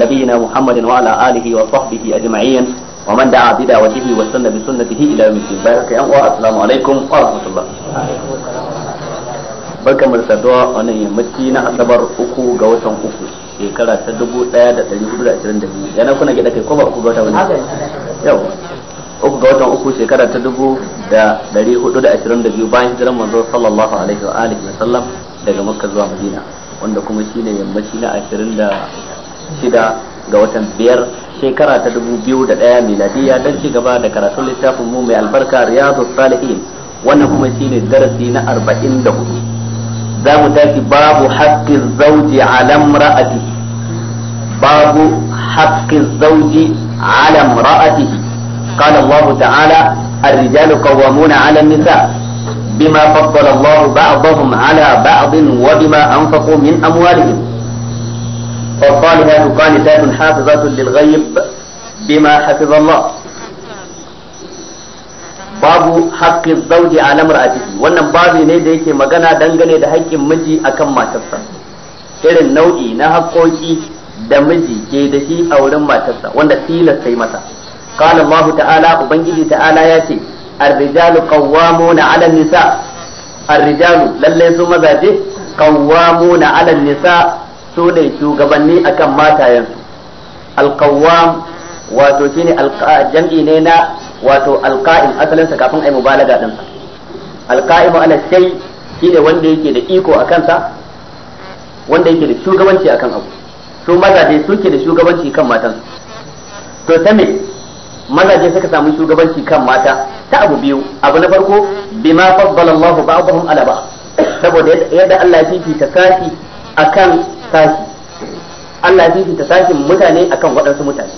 نبينا محمد وعلى آله وصحبه أجمعين ومن دعا بدعوته وسن بسنته إلى يوم الدين بارك السلام عليكم ورحمة الله barka mu da saduwa wannan yammaci na asabar uku ga watan uku shekara ta dubu daya da dari hudu da ashirin da biyu yana kuna gida kai ko ba uku ga wata wani yau uku ga watan uku shekara ta dubu da dari hudu da ashirin da biyu bayan hijiran manzo sallallahu alaihi wa alihi wa sallam daga makka zuwa madina wanda kuma shine yammaci na ashirin da shida ga watan biyar shekara ta dubu biyu da ɗaya miladiya don ci gaba da karatun littafin mu mai albarka riyadu salihin wannan kuma shine darasi na arba'in da hudu za mu tafi babu haƙƙin zauji alam ra'ati babu haƙƙin zauji alam ra'atihi قال الله تعالى الرجال قوامون على النساء بما فضل الله بعضهم على بعض وبما أنفقوا من أموالهم فالصالحات قانتات حافظات للغيب بما حفظ الله babu حق zauji a lamar a ciki wannan babu ne da yake magana dangane da haƙƙin miji akan matarsa irin nau'i na haƙƙoƙi da miji ke da shi a wurin matarsa wanda tilas sai mata qala Allah ta'ala ubangiji ta'ala ya ce ar-rijalu qawwamuna 'ala an-nisa ar-rijalu lalle su mazaje qawwamuna 'ala an-nisa su ne shugabanni akan matayensu Alƙawam wato ne jam'i ne na wato alqa'im asalinsa kafin ai mubalaga din sa alqa'imu sai shi ne wanda yake da iko a kansa wanda yake da shugabanci akan abu su mazaje suke da shugabanci kan matan to ta me mazaje suka samu shugabanci kan mata ta abu biyu abu na farko bima faddala Allah ba'dahum ala ba'd saboda yadda Allah ya fifita sashi akan sashi Allah ya fifita sashin mutane akan waɗansu mutane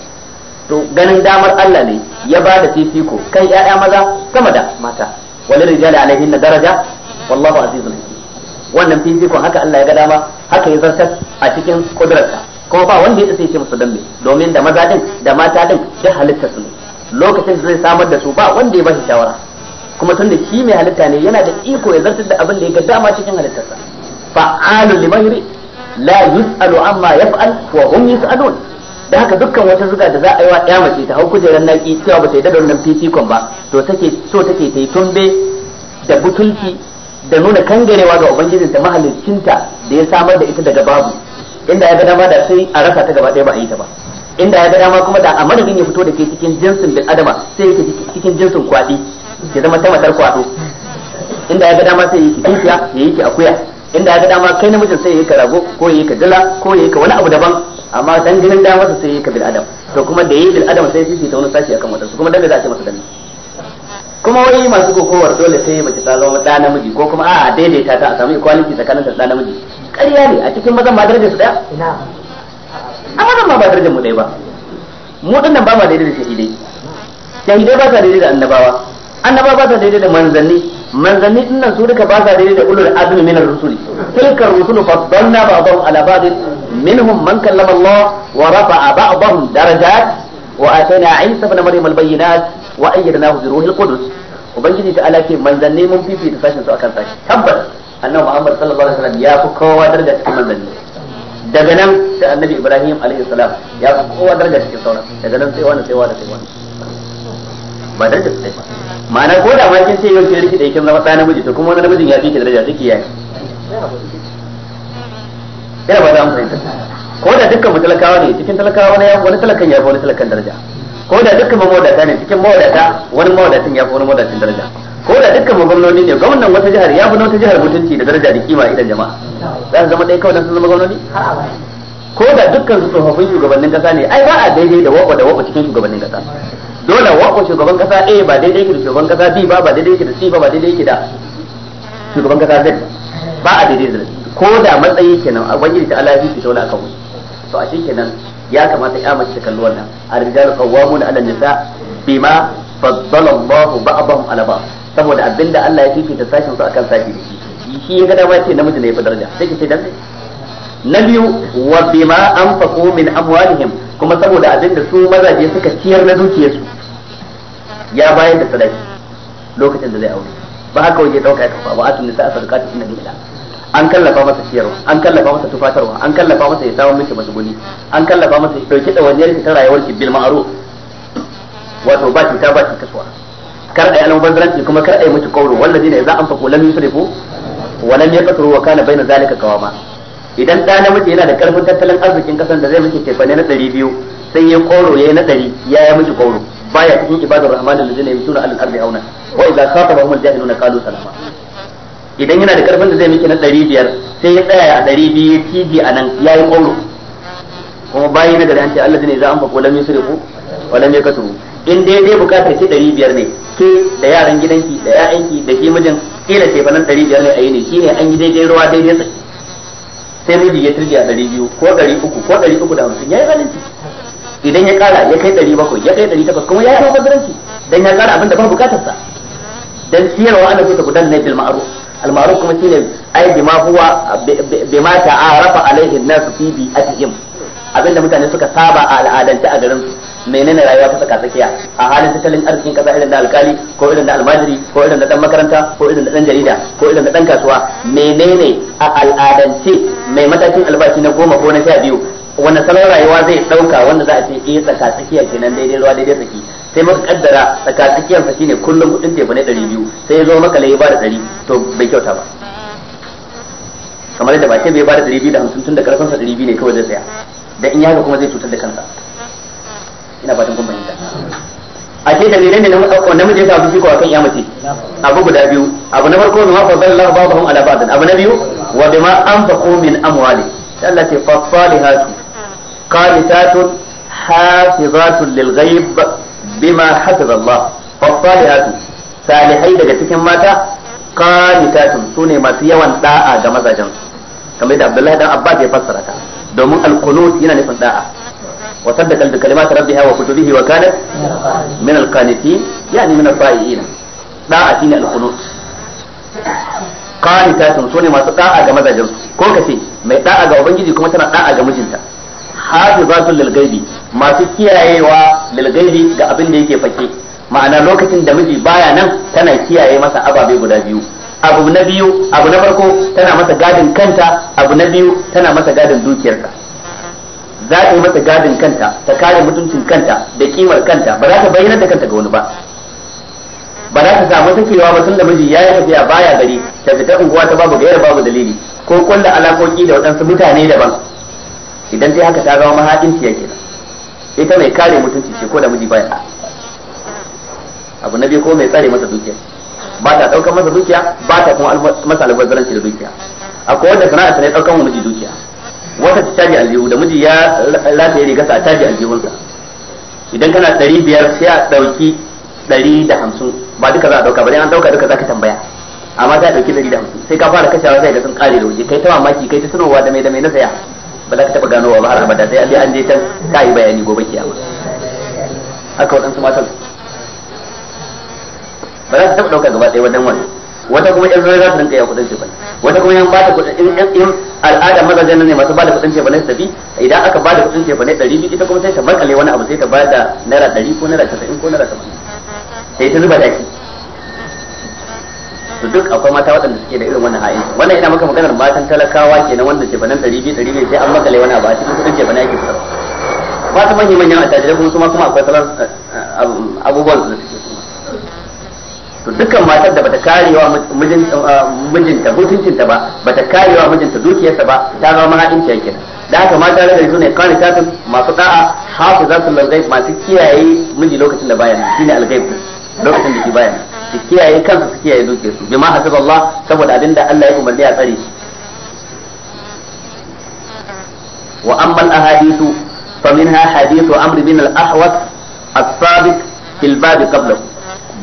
to ganin damar Allah ne ya ba da fifiko kan yaya maza sama da mata walil rijali alaihin na daraja wallahu azizun wannan fifiko haka Allah ya ga dama haka ya zartar a cikin kudurarsa kuma ba wanda ya sai ce musu dambe domin da maza din da mata din da halitta su ne lokacin da zai samar da su ba wanda ya ba shi shawara kuma tunda shi mai halitta ne yana da iko ya zartar da abin da ya ga dama cikin halittarsa fa'alul liman la yus'alu amma yaf'al wa hum yus'alun da haka dukkan wata zuga da za a yi wa ya mace ta hau kujerar naki cewa ba ta yi da wannan fifikon ba to take so take ta yi tumbe da butulci da nuna kangarewa ga ubangijin da mahalicinta da ya samar da ita daga babu inda ya ga dama da sai a rasa ta gaba ɗaya ba a yi ta ba inda ya ga dama kuma da a madadin ya fito da ke cikin jinsin bil adama sai yake cikin jinsin kwaɗi ya zama ta matar kwaɗo inda ya ga dama sai yake dukiya ya yake akuya inda aka dama kai namijin sai yi ka rago ko yi ka dala ko yi ka wani abu daban amma dan jinin dama sai yi ka bil adam to kuma da yi bil adam sai sai ta wani sashi akan wadansu kuma za a ce masa dan kuma wai masu kokowar dole sai mace ta zama da namiji ko kuma a daidaita ta a samu equality tsakanin da namiji ƙarya ne a cikin mazan ba darajar su daya a mazan ba darajar mu dai ba mu nan ba ma daidai da shahidai shahidai ba sa daidai da annabawa annabawa ba sa daidai da manzanni manzanni din nan su duka ba sa daidai da ulul azmi min ar-rusuli tilka ar-rusulu faddalna ba'dahum ala ba'd minhum man kallama Allah wa rafa'a ba'dahum darajat wa atayna Isa ibn Maryam al-bayyinat wa ayyadnahu bi ruhil qudus ubangiji ta ala ke manzanni mun ta sashin su akan sashi tabbas annabi Muhammad sallallahu alaihi wasallam ya fi kowa daraja cikin manzanni daga nan sai annabi Ibrahim alaihi salam ya fi kowa daraja cikin sauran daga nan sai wani sai wani sai wani ba daraja su ba ma'ana ko da ma kin ce yau riki da kin zama ɗan namiji to kuma wani namijin ya fi ki daraja take yayi ina ba za mu fahimta ko da dukkan mu talakawa ne cikin talakawa ne wani talakan ya fi wani talakan daraja ko da dukkan mu mawadata ne cikin mawadata wani mawadatin ya fi wani mawadatin daraja ko da dukkan mu gwamnoni ne gwamnan wata jihar ya fi wata jihar mutunci da daraja da kima idan jama'a za su zama ɗaya kawai dan su zama gwamnoni ko da dukkan su tsofaffin shugabannin kasa ne ai ba a daidai da wako da wako cikin shugabannin kasa dole ko shugaban kasa A ba daidai yake da shugaban kasa B ba ba daidai yake da C ba ba daidai yake da shugaban kasa Z ba a daidai da ko da matsayi kenan a wani ta Allah ya fi shaula akan wani to a kenan ya kamata ya mace ta kalli wannan ar-rijalu qawwamun 'ala an-nisa bima faddala Allahu ba'dahum 'ala ba'd saboda abinda Allah ya ta sashin su akan sashi shi ya ga ba ce namiji ne ya fi daraja sai ki ce dan na biyu wa bima anfaqu min amwalihim kuma saboda abin da su mazaje suka ciyar na dukiyarsu ya bayar da sadaki lokacin da zai aure ba haka waje dauka ya kafa ba atun nisa sadaqatu inna billah an kallafa masa ciyarwa an kallafa masa tufatarwa an kallafa masa ya samu miki masuguni an kallafa masa ya dauki dawaniyar ki ta rayuwar ki bil ma'ruf wato ba ta ba ta kasuwa kar ai almubazzaranci kuma kar ai miki kauro wallazina idza anfaqu lam yusrifu wa lam yaqtaru wa kana na zalika qawama idan ɗa namiji yana da karfin tattalin arzikin kasan da zai miki tefane na ɗari biyu sai ya koro ya yi na ɗari ya yi miki koro baya cikin ibadar rahman alladhina yamshuna alal ardi auna wa idza khatabahum aljahiluna kalu salama idan yana da karfin da zai miki na ɗari biyar sai ya tsaya a ɗari biyu ya tiji a nan ya yi koro kuma bayi na gari an ce allah alladhina idza anfaqu lam ku wa lam yakasuru in dai dai bukatar shi ɗari biyar ne ke da yaran gidanki da 'ya'yanki da shi mijin kila ce ɗari biyar ne a yi ne shine an yi daidai ruwa daidai tsaki sai miji ya turje a ɗari biyu ko ɗari uku ko ɗari uku da hamsin ya yi zalunci idan ya ƙara ya kai ɗari bakwai ya kai ɗari takwas kuma ya yi mabaziranci dan ya ƙara abin da ba bukatarsa dan siyarwa ana so ta gudan ne bil ma'ruf al ma'ruf kuma shine ai bima huwa ma ta'arafa alaihi an-nas fi bi'atihim abinda mutane suka saba a al'adance a garin su menene rayuwa ta tsaka tsakiya a halin tattalin arzikin kasa irin da alkali ko irin da almajiri ko irin da dan makaranta ko irin da dan jarida ko irin da dan kasuwa menene a al'adance mai matakin albashi na goma ko na sha biyu wanda salon rayuwa zai dauka wanda za a ce eh tsaka tsakiya kenan daidai ruwa daidai tsaki sai muka kaddara tsaka tsakiyar fashi ne kullum kudin tebu ne biyu sai ya zo maka lai ba da ɗari to bai kyauta ba kamar yadda ba ke bai ba da hamsin tun da karfin ɗari biyu ne kawai zai saya da in yaga kuma zai cutar da kansa ina fatan kun fahimta a ce dalilai ne namiji ya samu fiko akan iya mace abu guda biyu abu na farko bima fa dalla ba'dhum ala ba'd abu na biyu wa bima anfaqu min amwali Allah ce fa salihatu qanitatun hafizatun lil ghaib bima hafiza Allah fa salihatu salihai daga cikin mata qanitatun sune masu yawan da'a ga mazajen kamar da Abdullahi dan Abbas ya fassara ta domin al-qunut yana nufin da'a وصدق بكلمات ربها وكتبه وكانت Kawa القانتين يعني من الطائعين طاعتين القنوت qanitatun sune masu da'a ga mazajin ko kace mai da'a ga ubangiji kuma tana da'a ga mijinta hafizatul lil gaibi masu kiyayewa lil gaibi ga abin da yake fake ma'ana lokacin da miji baya nan tana kiyaye masa ababe guda biyu abu na biyu abu na farko tana masa gadin kanta abu na biyu tana masa gadin dukiyarta. za ta yi mata gadin kanta ta kare mutuncin kanta da kimar kanta ba za ta bayyana da kanta ga wani ba ba za ta samu sakewa ba tun da miji ya yi tafiya baya gari ta fita unguwa ta babu gaira babu dalili ko kwalla alakoki da waɗansu mutane daban idan dai haka ta zama mahaɗinciya kenan ita mai kare mutunci ce ko da miji baya abu na biyu ko mai tsare masa dukiya ba ta ɗaukar masa dukiya ba ta kuma masa albazaranci da dukiya akwai wanda sana'a ta ne ɗaukar miji dukiya wata ta caji aljihu da miji ya ya rigarsa a caji aljihunsa idan kana ɗari biyar sai a ɗauki ɗari da hamsin ba duka za a ɗauka ba dai an ɗauka duka za ka tambaya amma sai a ɗauki ɗari da hamsin sai ka fara kashewa sai ga sun ƙare da waje kai ta mamaki kai ta sanowa da mai da mai na saya ba za ka taɓa ganowa ba har abada sai an an je can ka yi bayani gobe kiyama haka waɗansu matan ba za ka taɓa ɗauka gaba ɗaya wajen wannan wata kuma yan zai za su rinka ya kudin bane wata kuma yan bada kudin in al'ada mazajen ne masu bada kudin cefane su tafi idan aka bada kudin cefane dari biyu ita kuma sai ta makale wani abu sai ta bada naira ɗari ko naira casa'in ko naira saba'in sai ta zuba daki to duk akwai mata waɗanda suke da irin wannan ha'in wannan ina maka maganar matan talakawa kenan wanda cefanen dari biyu dari biyu sai an makale wani abu a cikin kudin bane ake kusa ba su manyan manyan attajirai kuma su ma kuma akwai salon eh, eh, abubuwan su to dukkan matar da bata karewa uh, mijinta mutuncinta ba bata karewa mijinta dukiyarsa ba ta zama mahaɗinciya kenan da haka mata da su ne kawai tatin masu da'a hafi za su lalgai masu kiyaye miji lokacin da bayan shine algaib lokacin da shi bayan su kiyaye kansu su kiyaye dukiyarsu bima hasib Allah saboda abinda Allah ya umarni a tsare shi wa ammal ahadithu faminha hadithu amr bin al-ahwas as-sabiq fil bab qablahu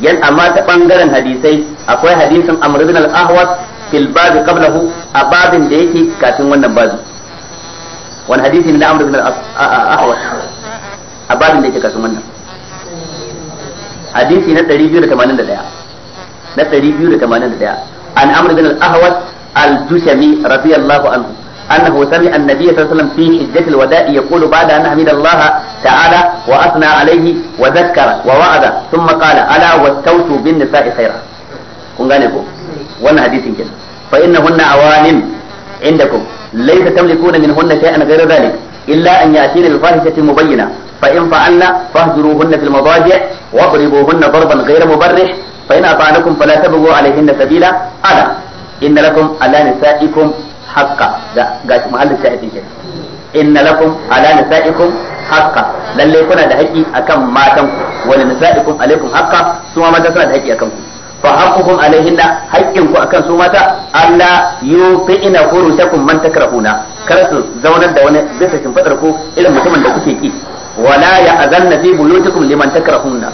yan amma ta bangaren hadisai akwai hadisin Amr ibn al-Ahwas fil babi qablahu a babin da yake kafin wannan babi wani hadisi ne na Amr ibn al-Ahwas a babin da yake kafin wannan hadisi na 281 na 281 an Amr ibn al-Ahwas al-Jushami radiyallahu anhu أنه سمع النبي صلى الله عليه وسلم في حجة الوداع يقول بعد أن حمد الله تعالى وأثنى عليه وذكر ووعد ثم قال ألا واستوتوا بالنساء خيرا kun gane ko wannan hadisin kenan fa innahunna awalim indakum laysa tamlikuna minhunna shay'an ghayra dhalik illa an yatina bi fahishatin mubayyina fa in fa'alna fahjuruhunna fil madaji' wadribuhunna darban ghayra mubarrih fa in ata'anakum fala tabghu alayhinna sabila ala inna lakum ala haqqa ga gashi mahallin shahidin kenan inna lakum ala nisaikum haqqa lalle kuna da haƙi akan matan ku wa nisaikum alaikum haqqa su ma mata suna da haƙi akan ku fa haqqukum alaihinna haƙƙin ku akan su mata alla yufina furushakum man takrahuna kar su zaunar da wani bisa shimfadar ku irin mutumin da kuke ki wala ya'zanna fi buyutikum liman takrahuna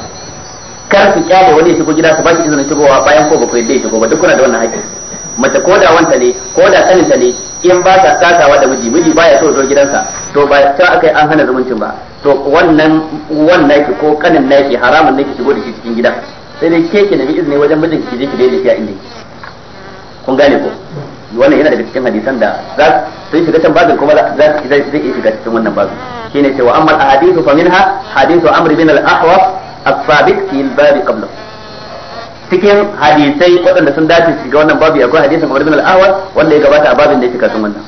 kar su kyale wani shigo gida su ba shi izinin shigowa bayan ko ba ku yadda ya shigo ba duk kuna da wannan haƙƙi mace ko da wanta ne ko da saninta ne in ba ta sakawa da miji miji baya so zo gidansa to ba ta akai an hana zumuncin ba to wannan wannan ki ko kanin naki haramun ne shigo da shi cikin gida sai dai keke da izini wajen mijin ki je ki daidai shi a inda kun gane ko wannan yana daga cikin hadisan da za su shiga can babin kuma za su zai iya shiga cikin wannan babin shine cewa amma al-ahadithu fa minha hadithu amr bin al-ahwas as-sabiq fi al qablahu cikin hadisai waɗanda sun dace su ga wannan babu akwai hadisin Umar bin al-Awwal wanda ya gabata a babin da yake kafin wannan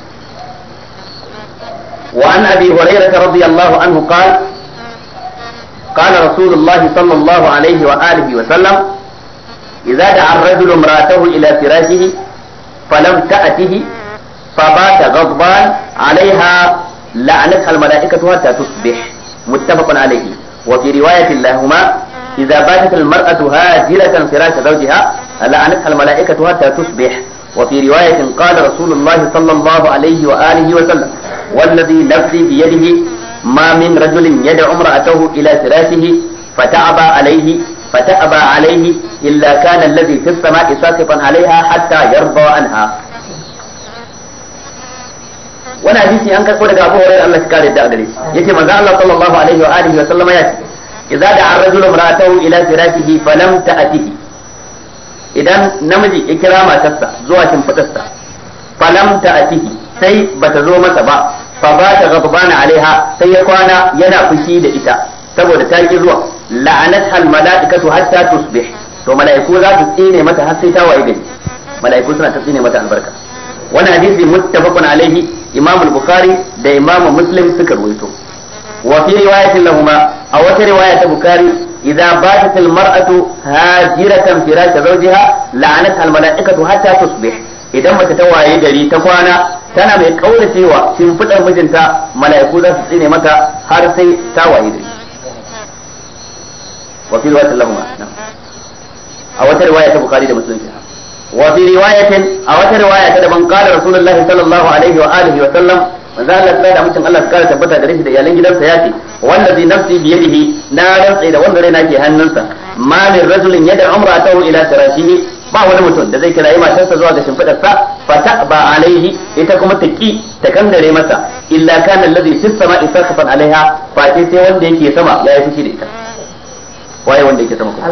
wa an abi hurairah radiyallahu anhu qala قال رسول الله صلى الله عليه وآله وسلم إذا دعا الرجل امرأته إلى فراشه فلم تأته فبات غضبان عليها لعنتها الملائكة حتى تصبح متفق عليه وفي رواية لهما idza batat al mar'atu hajiratan firash zawjiha la'anat al mala'ikatu hatta tusbih wa fi riwayatin qala rasulullahi sallallahu alaihi wa alihi wa والذي نفسي بيده ما من رجل يدعو امرأته إلى فراشه فتعبى عليه فتأبى عليه إلا كان الذي في السماء ساخطا عليها حتى يرضى عنها wani hadisi an karɓo daga abu hurairah Allah ya kare da gare yace manzo Allah sallallahu alaihi wa alihi wa idza da ar-rajulu ila firashihi falam ta'tihi idan namiji ya kira matarsa zuwa shimfidarsa falam ta'tihi sai bata zo masa ba fa ba ta ghadbana alaiha sai ya kwana yana fushi da ita saboda ta ki zuwa la'anat al mala'ikatu hatta tusbih to mala'iku za su tsine mata har sai ta waye gari mala'iku suna ta tsine mata albarka wannan hadisi muttafaqun alaihi imam al-bukhari da imam muslim suka ruwaito wa fi riwayatin lahuma a wata riwaya ta bukari idza batat al mar'atu hajiratan firash zawjiha la'anat al mala'ikatu hatta tusbih idan mace ta waye gari ta kwana tana mai kauracewa shimfiɗar mijinta mala'iku za su tsine mata har sai ta waye gari wa fi riwayatin lahuma a wata riwaya ta bukari da musulunci wa fi riwayatin a wata riwaya ta daban qala rasulullahi sallallahu alaihi wa alihi wa sallam manzo Allah sai da mutum Allah kara tabbata da rashi da iyalan gidansa ya ce wanda bi nafsi bi yadihi na rantsa da wanda raina ke hannunsa ma min rajulin yada umratahu ila firashihi ba wani mutum da zai kira matarsa zuwa ga sa fa ta ba alaihi ita kuma ta ki ta kandare masa illa kana allazi fis sama'i sarfan alaiha fa sai wanda yake sama ya yi fushi da ita waye wanda yake sama kuma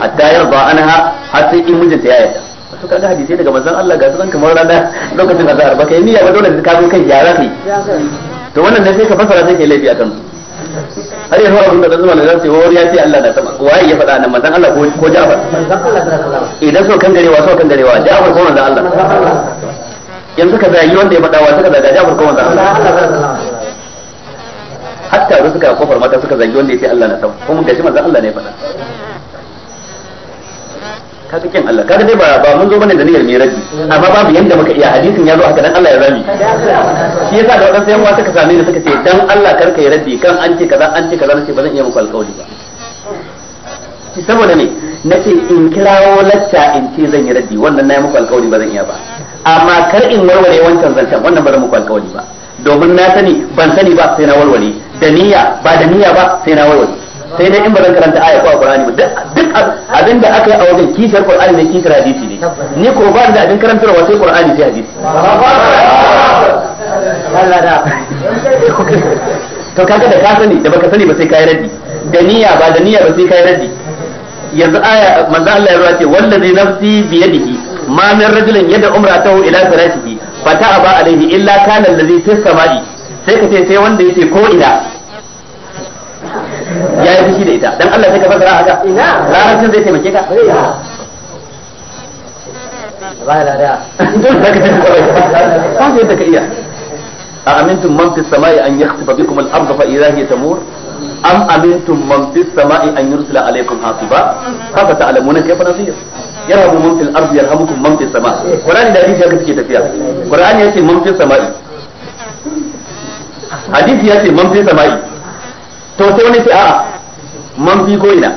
hatta yarda anha har sai in mijinta ya yarda to kaga hadisi daga manzon Allah ga sunan kamar rana lokacin azhar ba kai niyya ba dole ka zo kai ya kai to wannan ne sai ka fasara sai kai laifi akan har yanzu abin da dan zuma da zai wani ya ce Allah na sama waye ya faɗa nan manzon Allah ko Ja'far idan so kan garewa so kan garewa Ja'far ko manzon Allah yanzu ka zayi wanda ya faɗa wa suka zaga Ja'far ko manzon Allah hatta rusuka kofar mata suka zagi wanda ya ce Allah na sama kuma shi manzon Allah ne ya faɗa kaga kin Allah kaga dai ba ba mun zo bane da niyyar miraji amma babu yanda muka iya hadisin ya zo haka dan Allah ya zami shi yasa da wadansu yan suka same ni suka ce dan Allah karka yi raddi kan an ce kaza an ce kaza nace ba zan iya muku alƙawari ba ki saboda ne nace in kirawo lacca in ce zan yi raddi wannan na yi muku alƙawari ba zan iya ba amma kar in warware wancan zancen wannan ba zan muku alƙawari ba domin na sani ban sani ba sai na warware da niyya ba da niyya ba sai na warware sai dai in ba zan karanta aya ko a Qur'ani ba duk abin da aka yi a wajen kishar Qur'ani ne kishar hadisi ne ni ko ba da abin karantarwa sai Qur'ani sai hadisi to kaga da ka sani da baka sani ba sai kai raddi da niyya ba da niyya ba sai kai raddi yanzu aya manzo Allah ya ce wallazi nafsi bi yadihi ma min rajulin yada umratahu ila salatihi fata aba alaihi illa kana allazi fis samai sai ka ce sai wanda yake ko ina ya yi fushi da ita dan Allah sai ka fasara haka larabcin zai taimake ka ba ka iya a amintum man fi samai an yakhsifa bikum al-ardh fa idha hiya tamur am amintum man fi samai an yursila alaykum hasiba fa ta'lamuna kayfa nasir yarhamu man fil ardi yarhamukum man fi sama qur'ani da hadisi haka suke tafiya qur'ani yace man fi samai hadisi yace man fi samai to sai wani sai a'a man fi ko ina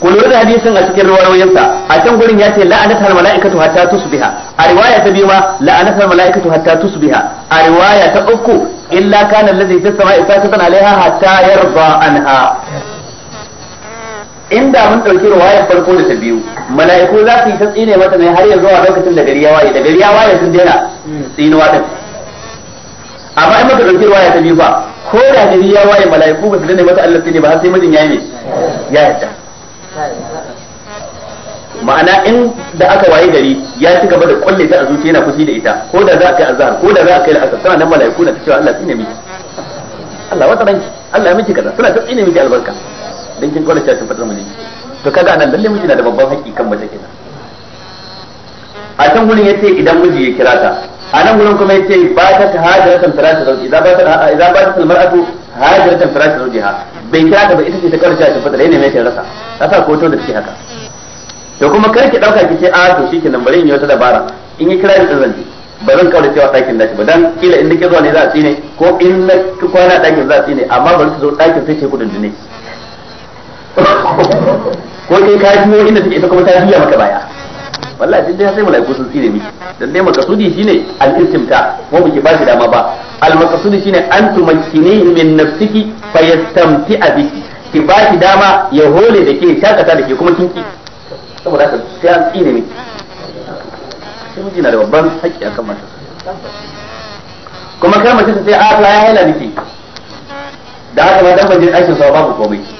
ku lura da hadisin a cikin riwayoyinsa a can gurin ya ce la'anat al mala'ikatu hatta tusbiha a riwaya ta biyu ma la'anat mala'ikatu hatta tusbiha a riwaya ta uku illa kana allazi fi samai tana alaiha hatta yarda anha inda mun dauki ruwayar farko da ta biyu mala'iku za su yi ta tsine mata ne har yanzu a lokacin da gari ya waye da gari ya waye sun daina tsinuwa din amma in muka dauki ruwaya ta biyu ba ko da gari ya waye mala'iku ba su daina mata Allah tsine ba har sai mijin ya yi ya yadda ma'ana in da aka waye gari ya ci gaba da kulle ta a zuciya yana kusi da ita ko da za a kai azhar ko da za a kai al'asar tana nan mala'iku na ta cewa Allah tsine miki Allah wata ranki Allah ya miki kaza suna ta tsine miki albarka dan kin kaura cewa fatar miji to kaga anan lalle miji na da babban haƙƙi kan mace kenan a can gurin ce idan miji ya kira ta a nan gurin kuma ya ce ba ta ta hajiratan firashi zauji idan ba ta idan ba ta mar'atu hajiratan firashi bai kira ta ba ita ce ta kaura cewa fatar yana mai rasa rasa ko to da take haka to kuma kar ki dauka ki ce a ah, to shikenan bari in yi wata dabara in ya kira ni zan je ba zan da cewa ɗakin nashi ba dan kila in ke zuwa ne za a tsine ko in na kwana ɗakin za a tsine amma ba su zo ɗakin sai ce kudin dune ko kai ka yi inda take ita kuma ta biya maka baya wallahi dai sai malaiku sun tsire miki dan dai makasudi shine al-istimta ko muke ba shi dama ba al-makasudi shine an tumakkinihi min nafsiki yastamti biki ki ba shi dama ya hole da ke shakata da ke kuma kinki saboda ka sai an tsire miki sai miji na da babban haƙƙi akan mata kuma kar mace ta sai a ya haila miki da haka ma dan ban je aikin sa babu komai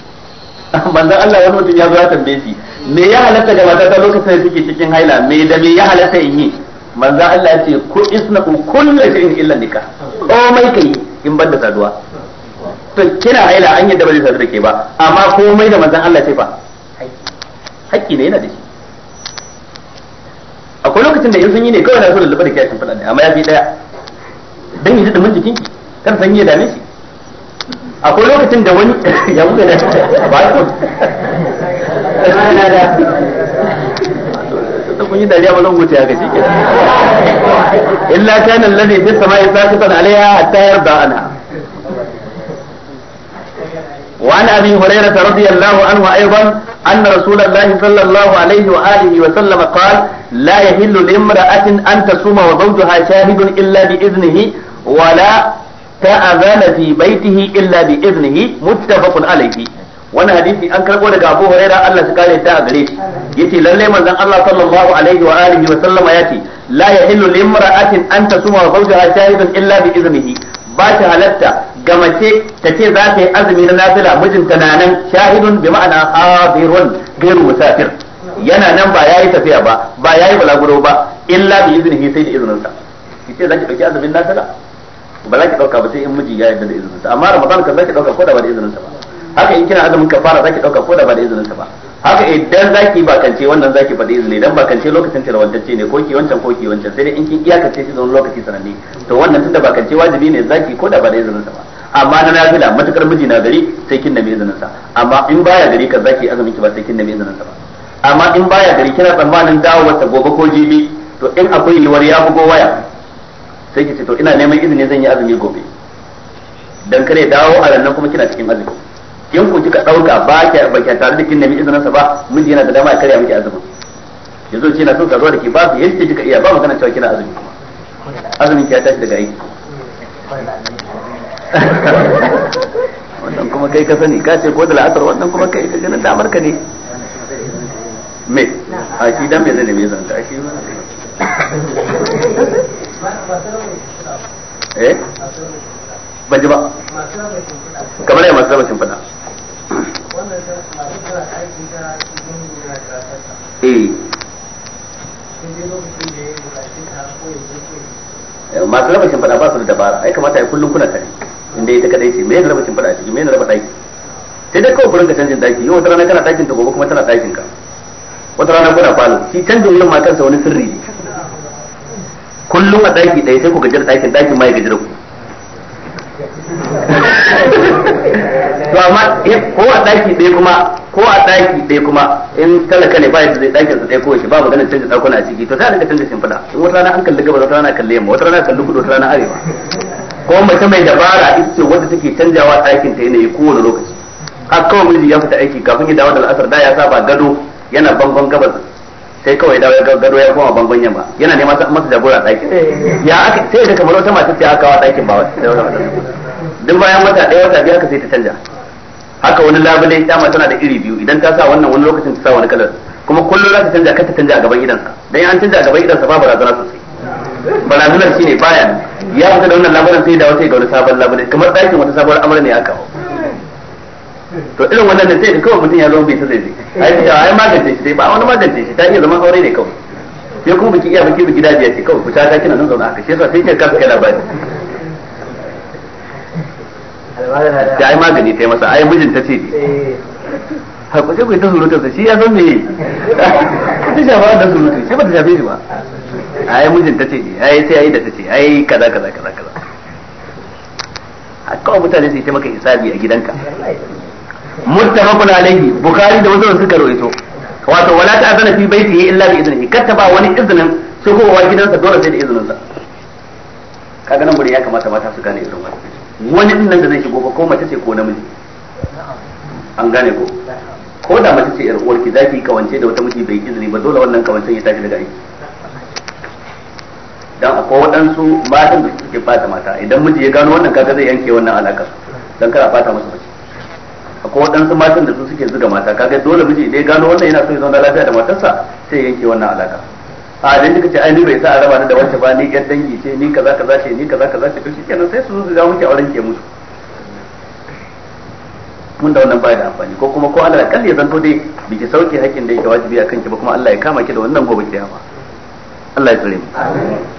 manzon Allah wani mutum ya zo ya tambaye shi me ya halatta ga mata lokacin da suke cikin haila me da me ya halatta in yi manzon Allah ya ce ku isna ku kullu shay'in illa nikah komai kai in banda saduwa to kina haila an yadda ba zai sadu da ke ba amma komai da manzon Allah ce fa haƙƙi ne yana da shi akwai lokacin da in sun yi ne kawai na so da lubar da kyashin faɗa ne amma ya fi ɗaya dan yi da mun jikinki kar san yi ya dame shi akwai lokacin da wani ya buga na ba ku da kun yi dariya ba zan wuce haka shi ke illa kana alladhi fi samai saqitan alaiha hatta yarda anha وعن ابي هريره رضي الله عنه ايضا ان رسول الله صلى الله عليه واله وسلم قال لا يحل لامراه ان تصوم وزوجها شاهد الا باذنه ولا ta'azana fi baitihi illa bi iznihi muttafaqun alayhi wannan hadisi an karbo daga Abu Huraira Allah ya kare ta a gare shi yace lalle manzon Allah sallallahu alaihi wa alihi wa sallama yace la yahillu limra'atin an tasuma zawjaha shahidan illa bi iznihi ba ta halatta ga mace ta ce za ta yi azumi na nafila mijinta na nan shahidun bi ma'ana hadirun gairu musafir yana nan ba yayi tafiya ba ba yayi balaguro ba illa bi iznihi sai da izininsa yace za ki dauki azumin nafila ba za ki dauka ba sai in miji ya yarda da izinin sa amma ramadan kan za ki dauka ko da ba da izinin sa ba haka in kina azumin kafara za ki dauka ko da ba da izinin sa ba haka idan za ki kance wannan za ki faɗi izini idan kance lokacin ce ne ko ki wancan ko ki wancan sai dai in kin kace shi zuwa lokaci sananne to wannan tunda kance wajibi ne za ki ko da ba da izinin sa ba amma na nafila matukar miji na gari sai kin nemi izinin sa amma in baya gari kan zaki azumin ki ba sai kin nemi izinin sa ba amma in baya gari kina tsammanin dawo wata gobe ko jibi to in akwai yiwuwar ya bugo waya sai ki ce to ina neman izini zan yi azumi gobe dan kare dawo a ranar kuma kina cikin azumi in ku kika dauka ba ki ba ki tare da kin nemi izinin sa ba miji yana da dama a karya miki azumi yanzu ce na so ka zo da ki ba ki yanke kika iya ba magana cewa kina azumi azumin ki ya tashi daga aiki wannan kuma kai ka sani ka ce ko da la'asar wannan kuma kai ka gani damar ka ne me a shi dan me zai nemi izinin ta shi eh ban ji ba kamar ya masu zama shimfiɗa eh. eh masu raba shimfada ba su da dabara ai kamata ya kullum kuna tare inda ita kadai ce me ne raba shimfiɗa ciki me ne raba ɗaki sai dai kawai furinka canjin ɗaki yau wata rana kana ɗakin ta gobe kuma tana ɗakin ka wata rana kuna falo shi canjin wurin ma kansa wani sirri kullum a daki ɗaya sai ku gajar ɗakin, ɗakin ma ya gajar ku to amma ko a daki ɗaya kuma ko a daki ɗaya kuma in talaka ne ba ya zai dakin sa ɗaya ko shi ba maganar canza ɗakuna a ciki to sai a dinga canza shimfiɗa in wata rana an kalli gaba wata rana kalli yamma wata rana kalli kudu wata rana arewa ko mace mai dabara ita wadda take canjawa ɗakin ta yanayi kowane lokaci har kawai miji ya fita aiki kafin ya dawo da al'asar da ya saba gado yana bangon gabas sai kawai dawo ya gado ya koma bangon yamma yana ne masa masa jagora ɗakin ya aka sai da kamar wata masu ce aka ɗakin ba wata duk bayan wata ɗaya wata biyu haka sai ta canja haka wani labule ya ma tana da iri biyu idan ta sa wannan wani lokacin ta sa wani kalar kuma kullum za ta canja kar ta canja a gaban gidansa dan an canja a gaban gidansa ba barazana sosai barazanar shine baya ya fita da wannan labulen sai da wata ga wani sabon labule kamar ɗakin wata sabon amarya ne ya kawo to irin wannan da sai ka kawai mutum ya zama bai ta zai ai ta ai magance shi dai ba wani magance shi ta iya zama aure ne kawai sai kuma biki iya biki biki dabiya ce kawai kuta ta kina nan zauna haka shi yasa sai ka kasa kai labari da ai magani ta yi masa ai mijin ta ce eh. hakuri ku ta surutu shi ya san meye ta shafa da surutu shi ba ta shafe shi ba ai mijin ta ce ai sai ai da ta ce ai kaza kaza kaza kaza kawai mutane sai ta maka hisabi a gidanka muttafaqun alayhi bukhari da wasu suka rawaito wato wala ta azana fi baitihi illa bi idnihi kattaba wani iznin su ko wa gidansa dole sai da iznin sa kaga nan gurin ya kamata mata su gane irin wannan wani din nan da zai shigo ba ko mace ce ko namiji an gane ko ko da mace ce yar uwarki zaki kawance da wata miji bai izini ba dole wannan kawancen ya tashi daga aiki dan akwai waɗansu matan da suke fata mata idan miji ya gano wannan kaga zai yanke wannan alaka dan kada fata masa mace akwai waɗansu matan da su suke zuga mata kaga dole miji idan gano wannan yana so ya zauna lafiya da matarsa sai yanke wannan alaka a idan kika ce ai ni bai sa a raba ni da wacce ba ni ga dangi ce ni kaza kaza ce ni kaza kaza ce to shikenan sai su ga muke auren ke musu mun da wannan bai da amfani ko kuma ko Allah kalli zan to dai biki sauke hakkin da yake wajibi akan ki ba kuma Allah ya kama ki da wannan gobe kiyama Allah ya tsare mu amin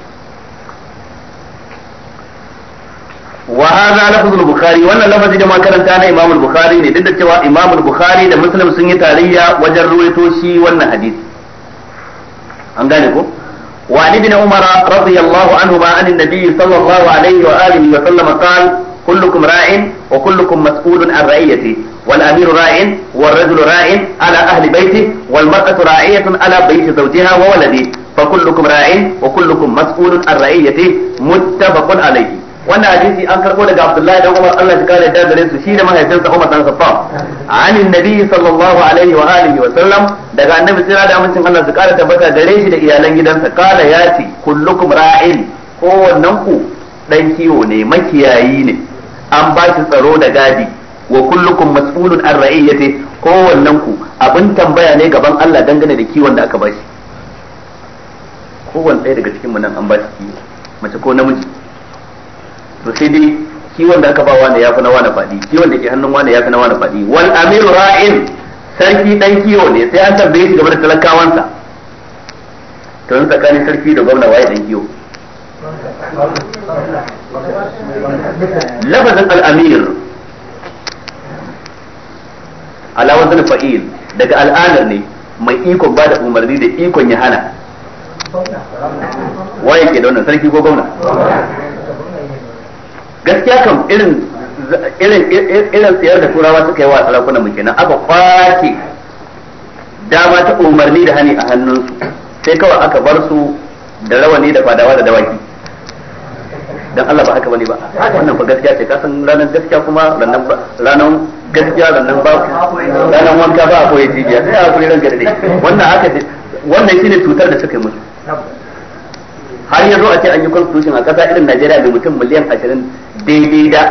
وهذا لفظ البخاري bukhari wannan lafazi da ma karanta na imam al-bukhari البخاري duk da cewa imam al-bukhari da muslim sun yi وعن ابن عمر رضي الله عنهما عن النبي صلى الله عليه وآله وسلم قال كلكم راع وكلكم مسؤول عن رعيته والأمير راع والرجل راع على أهل بيته والمرأة راعية على بيت زوجها وولده فكلكم راع وكلكم مسؤول عن رعيته متفق عليه wannan hadisi an karbo daga Abdullahi dan Umar Allah ya kare da gare su shi shine mahaifinsa Umar dan Khattab anin nabi sallallahu alaihi wa alihi wa sallam daga annabi sai da amincin Allah su kare tabbata gare shi da iyalan gidansa kala ya ce kullukum ra'in kowannen ku dan kiwo ne makiyayi ne an ba shi tsaro da gadi wa kullukum mas'ulun an ra'iyyati kowannen ku abin tambaya ne gaban Allah dangane da kiwon da aka ba shi kowanne daga cikin mu nan an ba shi mace ko namiji to sai dai kiwon da aka ba wani yafi na wani fadi kiwon da ke hannun wani yafi na wani fadi wal amir ra'in sarki dan kiwo ne sai an tambaye shi game da talakawansa to in tsakanin sarki da gwamna waye dan kiwo lafazin al-amir ala wazn fa'il daga al'adar ne mai ikon ba da umarni da ikon ya hana waye ke da wannan sarki ko gwamna gaskiya kam irin irin irin tsayar da turawa suka yi wa sarakunan mu kenan aka kwace dama ta umarni da hani a hannunsu sai kawai aka bar su da rawani da fadawa da dawaki dan Allah ba haka bane ba wannan ba gaskiya ce kasan ranar gaskiya kuma ranan ranan gaskiya ranan ba ranan wanka ba a koyi jibiya sai a koyi ran garde wannan haka ce wannan shine cutar da suka yi musu har yanzu a ce an yi constitution a kasa irin Najeriya da mutum miliyan 20 daidai da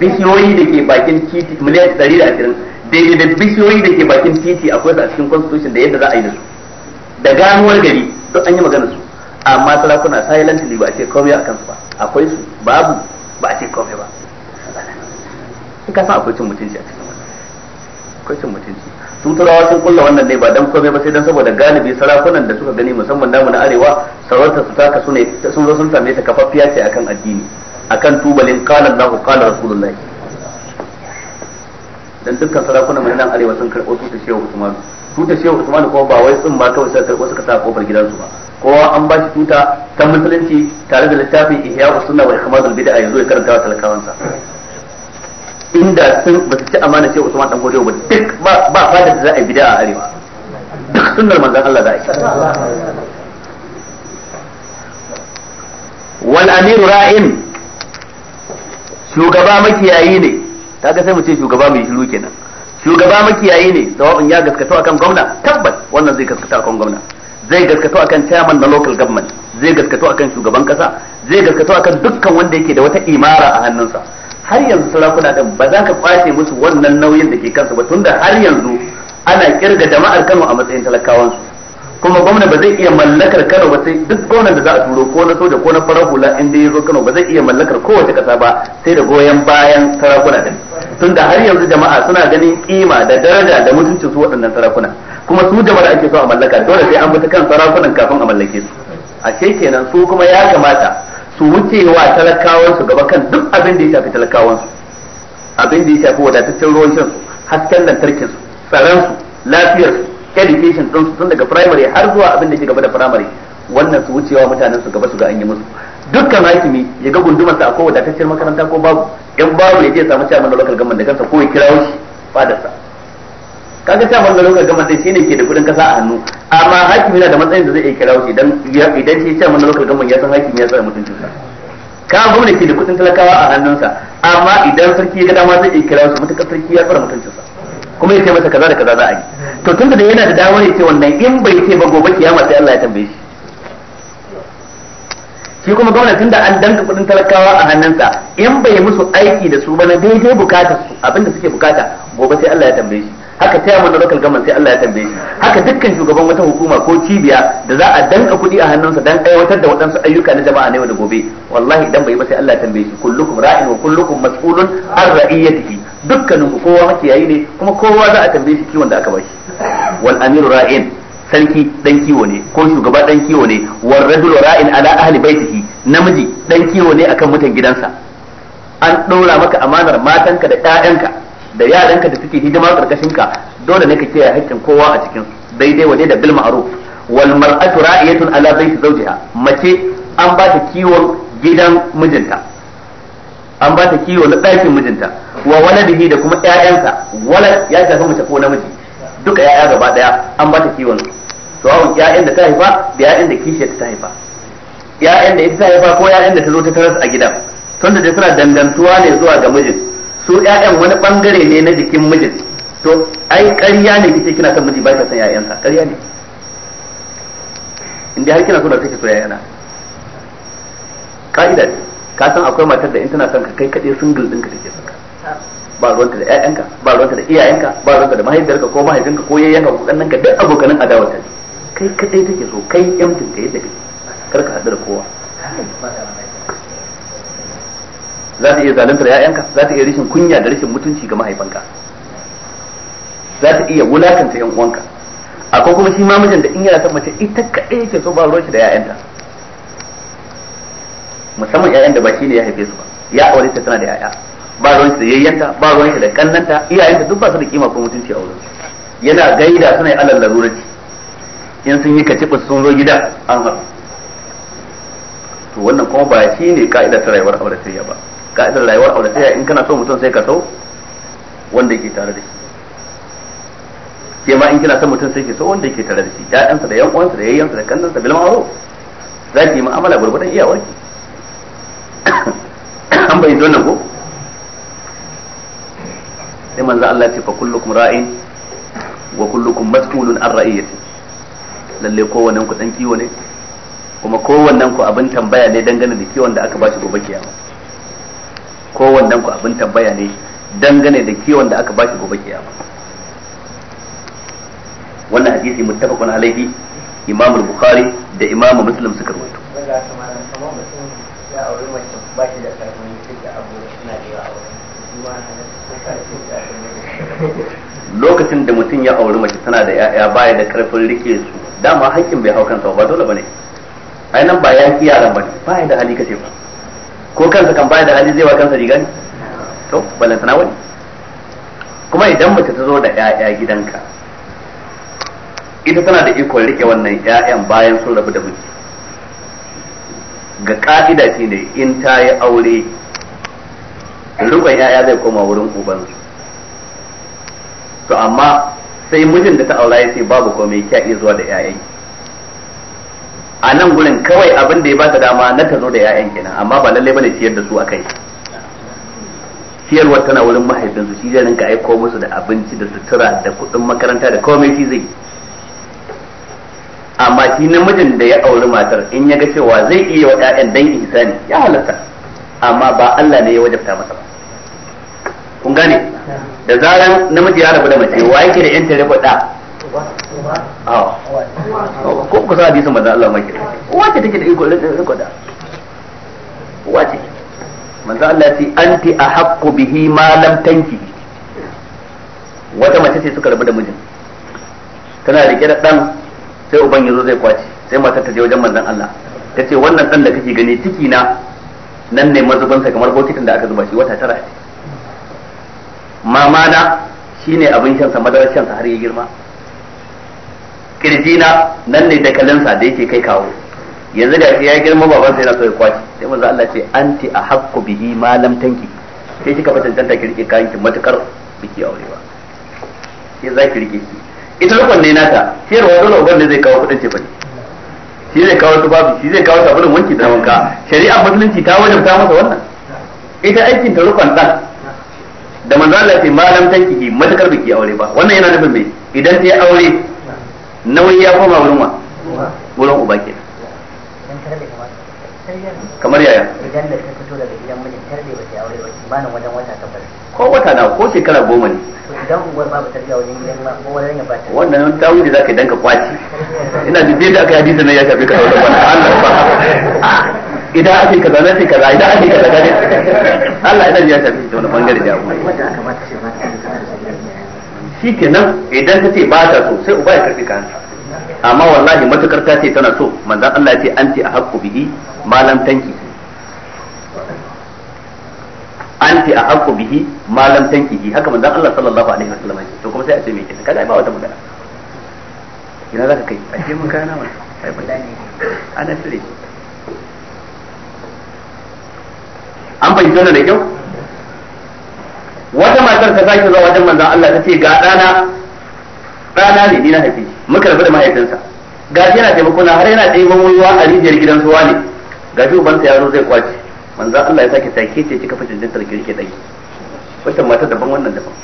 bishiyoyi da ke bakin titi miliyan 120 daidai da bishiyoyi da ke bakin titi akwai su a cikin constitution da yadda za a yi da su da ganuwar gari duk an yi magana su amma sarakuna silently ba a ce komai akan su ba akwai su babu ba a ce komai ba ka san akwai cin mutunci a cikin wannan akwai cin mutunci su turawa sun kulla wannan ne ba dan komai ba sai dan saboda galibi sarakunan da suka gani musamman namu na arewa sarautar su ta kasu ne sun zo sun same ta kafaffiya ce akan addini akan tubalin qala Allahu qala Rasulullahi dan dukkan sarakuna mai nan arewa sun karɓo tuta Shehu Usman Tuta Shehu Usman kuma ba wai tsin ba kawai sai karɓo suka sa kofar gidansu ba kowa an ba shi tuta ta musulunci tare da littafin Ihya Sunna wal Ikmadul Bid'a yanzu ya karanta talakawansa inda sun ba su ci amana Shehu Usman dan gode ba duk ba ba da za a yi bid'a a arewa duk sunnar manzon Allah za a yi wal amiru ra'in shugaba makiyayi ne kaga sai mu ce shugaba mai shiru kenan shugaba makiyayi ne sawabin ya gaskata akan gwamna tabbas wannan zai gaskata akan gwamna zai gaskato akan chairman na local government zai gaskato akan shugaban kasa zai gaskato akan dukkan wanda yake da wata imara a hannunsa har yanzu sarakuna din ba za ka kwace musu wannan nauyin da ke kansu ba tunda har yanzu ana kirga jama'ar Kano a matsayin talakawansu kuma gwamna ba zai iya mallakar Kano ba sai duk gwamnan da za a turo ko na soja ko na farar hula in dai zo Kano ba zai iya mallakar kowace kasa ba sai da goyon bayan sarakuna din tunda har yanzu jama'a suna ganin kima da daraja da mutuncin su waɗannan sarakuna kuma su jama'a ake so a mallaka dole sai an bi ta kan sarakunan kafin a mallake su ashe kenan su kuma ya kamata su wuce wa talakawansu gaba kan duk abin da ya shafi talakawan su abin da ya shafi wadataccen ruwan shan hasken lantarkin su tsaron su education don su tun daga primary har zuwa abin da ke gaba da primary wannan su wucewa mutanen su gaba su ga an yi musu dukkan hakimi ya ga gundumar sa ko wadatacciyar makaranta ko babu in babu ya je samu chairman na local government da kansa ko ya kirawo shi fadar sa kaga chairman na local government din shine ke da kudin kasa a hannu amma hakimi na da matsayin da zai iya kirawo shi idan idan shi chairman na local government ya san hakimi ya tsaya mutuncin sa ka gwamnati ke da kudin talakawa a hannunsa amma idan sarki ya ga dama zai iya kirawo shi mutakar sarki ya tsara mutuncin sa kuma ya ce masa kaza da kaza za a yi to tunda da yana da damar ya ce wannan in bai ce ba gobe kiyama sai Allah ya tambaye shi shi kuma gwamnati tunda an danka kudin talakawa a hannunsa in bai musu aiki da su ba na daidai bukatar su abinda suke bukata gobe sai Allah ya tambaye shi haka taya mana local government sai Allah ya tambaye shi haka dukkan shugaban wata hukuma ko cibiya da za a danka kudi a hannunsa dan aiwatar da waɗansu ayyuka na jama'a ne da gobe wallahi dan bai ba sai Allah ya tambaye shi kullukum ra'in wa kullukum mas'ulun an ra'iyatihi dukkanin ku kowa makiyayi ne kuma kowa za a tambaye shi kiwon da aka bashi wal amiru ra'in sarki dan kiwo ne ko shugaba dan kiwo ne war rajulu ra'in ala ahli baitihi namiji dan kiwo ne akan mutan gidansa an ɗora maka amanar matanka da ƴaƴanka da yaranka da suke hidima karkashin ka dole ne ka kiyaye haƙƙin kowa a cikin daidai wa da bil ma'ruf wal mar'atu ra'iyatun ala baiti zawjiha mace an ba ta kiwon gidan mijinta an ba ta kiwo na ɗakin mijinta wa waladihi da kuma ƴaƴansa wala ya shafi mace ko namiji duka ƴaƴa gaba daya an ba ta kiwon su sawa'un ƴaƴan da ta haifa da ƴaƴan da kishiyar ta haifa ƴaƴan da ita ta haifa ko ƴaƴan da ta zo ta taras a gida, tunda da suna dangantuwa ne zuwa ga mijin su ƴaƴan wani bangare ne na jikin mijin to ai ƙarya ne kice kina son miji ba ka san ƴaƴansa ƙarya ne inda har kina so da kake so ƴaƴana ka'ida ne ka san akwai matar da in tana son ka kai kaɗai single ɗinka take so ba ruwanka da ƴaƴanka ba ruwanka da iyayenka ba ruwanka da mahaifiyarka ko mahaifinka ko yayyanka ko kannanka duk abokanan adawa ta kai kadai take so kai yamtin ka yadda kake kar ka haɗu da kowa za ta iya zaluntar ƴaƴanka za ta iya rashin kunya da rashin mutunci ga mahaifanka za ta iya wulakanta ƴan uwanka akwai kuma shi mamijin da in yana son mace ita kadai yake so ba ruwanki da ƴaƴanta musamman ƴaƴan da ba shi ne ya haife su ba ya aure ta tana da ƴaƴa ba ruwan shi yayyanta ba ruwan shi da kannanta iyayenta duk ba su da kima ko mutunci a wurin yana gaida suna yi alal larurati in sun yi kaciba sun zo gida an haɗu to wannan kuma ba shi ne ka'idar ta rayuwar auratayya ba ka'idar rayuwar auratayya in kana so mutum sai ka so wanda ke tare da shi ke ma in kina son mutum sai ke so wanda ke tare da shi Ya'yansa da ƴan'uwansa da yayyansa da kannansa bil ma'ruf za ki yi mu'amala gurgurdan iyawarki an bai wannan ko sai manzo Allah ce fa kullukum ra'in wa kullukum mas'ulun an ra'iyati lalle kowannen ku dan kiwo ne kuma kowannen ku abin tambaya ne dangane da kiwon da aka ba shi gobe kiyama kowannen ku abin tambaya ne dangane da kiwon da aka ba shi gobe kiyama wannan hadisi muttafaqun alaihi imam al-bukhari da imam muslim suka rawaito ya aure mace ba lokacin da mutum ya auri mace tana da ya'ya baya da karfin rike su dama haƙƙin bai hau kansa ba dole bane ai nan ba ya ki yaran bane baya da hali kace ba ko kansa kan baya da hali zai wa kansa riga ne to balantana wani kuma idan mace ta zo da ya'ya gidanka ita tana da ikon rike wannan ya'yan bayan sun rabu da miji ga ka'ida shine in ta yi aure rukun ya'ya zai koma wurin ubansu to amma sai mijin da ta aura ya ce babu komai kya iya zuwa da ƴaƴan a nan gurin kawai abin da ya ba ta dama na ta zo da yayan kenan amma ba lallai bane ciyar da su akai ciyarwar tana wurin mahaifinsu shi zai rinka aiko musu da abinci da sutura da kuɗin makaranta da komai shi zai amma shi namijin da ya auri matar in ya ga cewa zai iya wa 'ya'yan dan ihsani ya halatta amma ba Allah ne ya wajabta masa ba kun gane da zaran namiji ya rabu da mace wa yake da yancin rabu da ko ku sa hadisin manzo Allah mai wace take da iko rabu da wace manzo Allah ya ce anti ahqqu bihi ma lam tanki wata mace ce suka rabu da mijin tana rike da dan sai uban yazo zai kwace sai matar ta je wajen manzon Allah ta ce wannan dan da kake gani ciki na nan ne mazubansa kamar bokitin da aka zuba shi wata tara ce mamana shine abin shansa madarar shansa har ya girma kirjina nan ne dakalinsa da yake kai kawo yanzu da ya girma baban sai na so ya kwaci sai manzo Allah ce anti haqqu bihi ma lam tanki sai kika fatantanta ki rike kayan ki matukar biki aurewa. sai za ki rike shi ita rukun ne nata sai ruwa dole uban ne zai kawo kudin ce bane shi zai kawo tufafi shi zai kawo sabulun wanki da wanka shari'a musulunci ta wajabta masa wannan ita aikin ta rukun dan da manzo Allah ce malam tankihi matakar biki aure ba wannan yana nufin me idan ta yi aure nawai ya koma wurin wa wurin uba ke kamar yaya idan da ta fito daga gidan mijin da ba ta aure ba kimanin wajen wata ta bar ko wata na ko shekara goma ne idan uwar ba ta tarbiya wajen gidan ma ko wajen ya ba ta wannan ta wuce zaka idan ka kwaci ina da da aka yi hadisi ne ya shafi ka da wannan Allah ba idan ake kaza na ce kaza idan ake kaza ne Allah idan ya tafi da wani bangare da abu shi nan idan ta ce ba ta so sai uba ya karbi kansa amma wallahi matukar ta ce tana so manzan Allah ya ce an ce a haƙƙo bihi malam tanki an ce a haƙƙo bihi malam tanki haka manzan Allah sallallahu alaihi wa sallam to kuma sai a ce me kenan kaga ba wata magana ina zaka kai a ce mun kana wannan ai ba ana cire shi an fahimta da kyau wata matar ta sake zuwa wajen manzon Allah ta ce ga ɗana ɗana ne ni na haifi muka rabu da mahaifinsa ga shi yana taimako na har yana ɗaiban ruwa a rijiyar gidan suwa ne ga shi ubansa ya zo zai kwace manzon Allah ya sake sake ce kika fashin da tarki rike dai wata matar daban wannan daban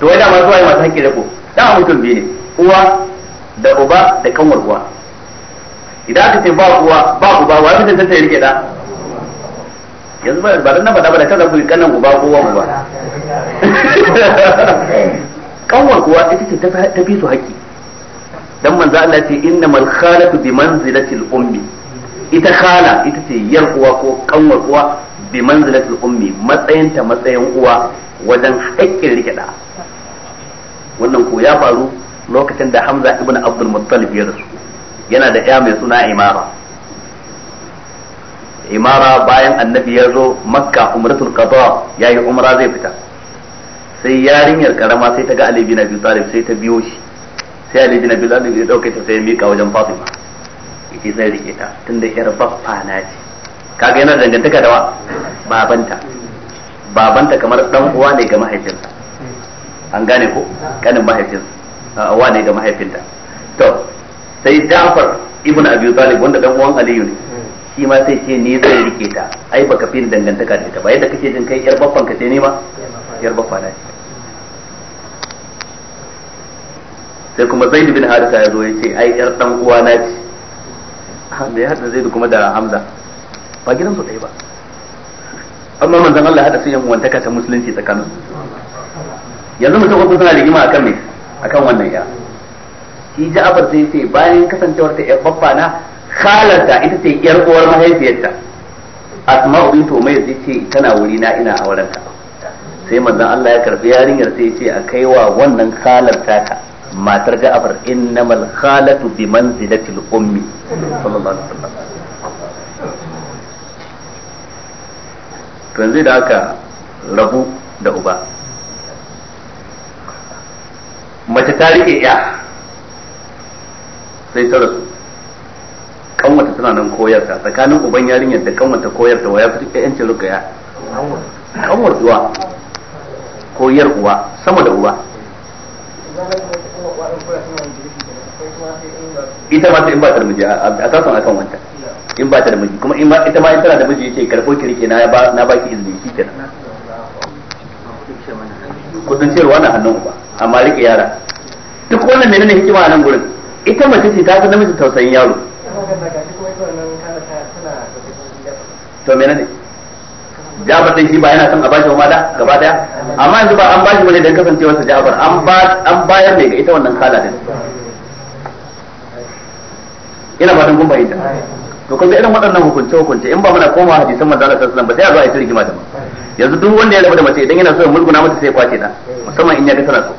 to wai dama zuwa yi masu hakki da ko da mutum biyu ne uwa da uba da kanwar uwa idan aka ce ba uwa ba uba wa fi ta ya rike da yanzu ba ba na faɗa ba da kaza ku kanan uba ko wa uba kanwar kuwa ita ce ta fi su haƙƙi dan manzo Allah ce innamal khalatu bi manzilatil ummi ita khala ita ce yar uwa ko kanwar uwa bi manzilatil ummi matsayinta matsayin uwa wajen haƙƙin rike da wannan ko ya faru lokacin da Hamza ibn Abdul Muttalib ya rasu yana da ya mai suna Imara imara bayan annabi ya zo makka umratul qada yayi umra zai fita sai yarinyar karama sai ta ga ali bin abi talib sai ta biyo shi sai ali bin abi talib ya dauke ta sai mika wajen fatima yace sai rike ta tunda yar baffa na ce kaga yana dangantaka da wa babanta babanta kamar dan uwa ne ga mahaifinta. an gane ko kanin mahaifin uwa ne ga mahaifinta to sai Ja'far ibn Abi Talib wanda dan uwan Aliyu ne shi ma sai ce ne zai rike ta ai baka fi dangantaka da ita ba yadda kake jin kai yar baffan ka sai ne ma yar baffa na sai kuma zaid bin harisa ya zo ya ce ai yar dan uwa na ce ah, me ya hada zaid kuma da hamza ba gidan su dai ba amma manzon Allah hada sun yan uwantaka ta musulunci tsakanin yanzu mutum uku suna rigima akan me akan wannan ya shi ja'far sai ce bayan kasancewar ta yar baffa na khalarta ita ce yar uwar mahaifiyarta asma'u bintu umayr ce tana wuri na ina aurenta sai manzon Allah ya karbi yarinyar sai ce a kaiwa wannan khalarta ta matar Ja'far innamal khalatu bi manzilatil ummi sallallahu alaihi wasallam to yanzu da aka rabu da uba mace ta rike ya sai ta rasu kanwata tana nan koyarta tsakanin uban yarinyar da kanwata koyarta wa ya fi yancin rukaya kanwar uwa koyar uwa sama da uwa ita ma in ba ta da miji a kasan akan wanta in ba ta da miji kuma in ita ma in tana da miji yace karfo ki rike na ba ki izini shi kenan kudin cewa na hannun uba amma rike yara duk wannan menene hikima a nan gurin ita mace ce ta ga namiji tausayin yaro to me ne Jafar din shi ba yana son a bashi ma da gaba daya amma yanzu ba an bashi wani dan kasancewar sa Jafar an ba an bayar ne ga ita wannan kala din ina fatan kun bayyana to kun ga irin waɗannan hukunce hukunce in ba muna koma hadisan manzo Allah sallallahu alaihi wasallam ba sai a zo a yi rigima da mu yanzu duk wanda ya rabu da mace idan yana so ya mulguna mata sai ya kwace ta musamman in ya ga tana so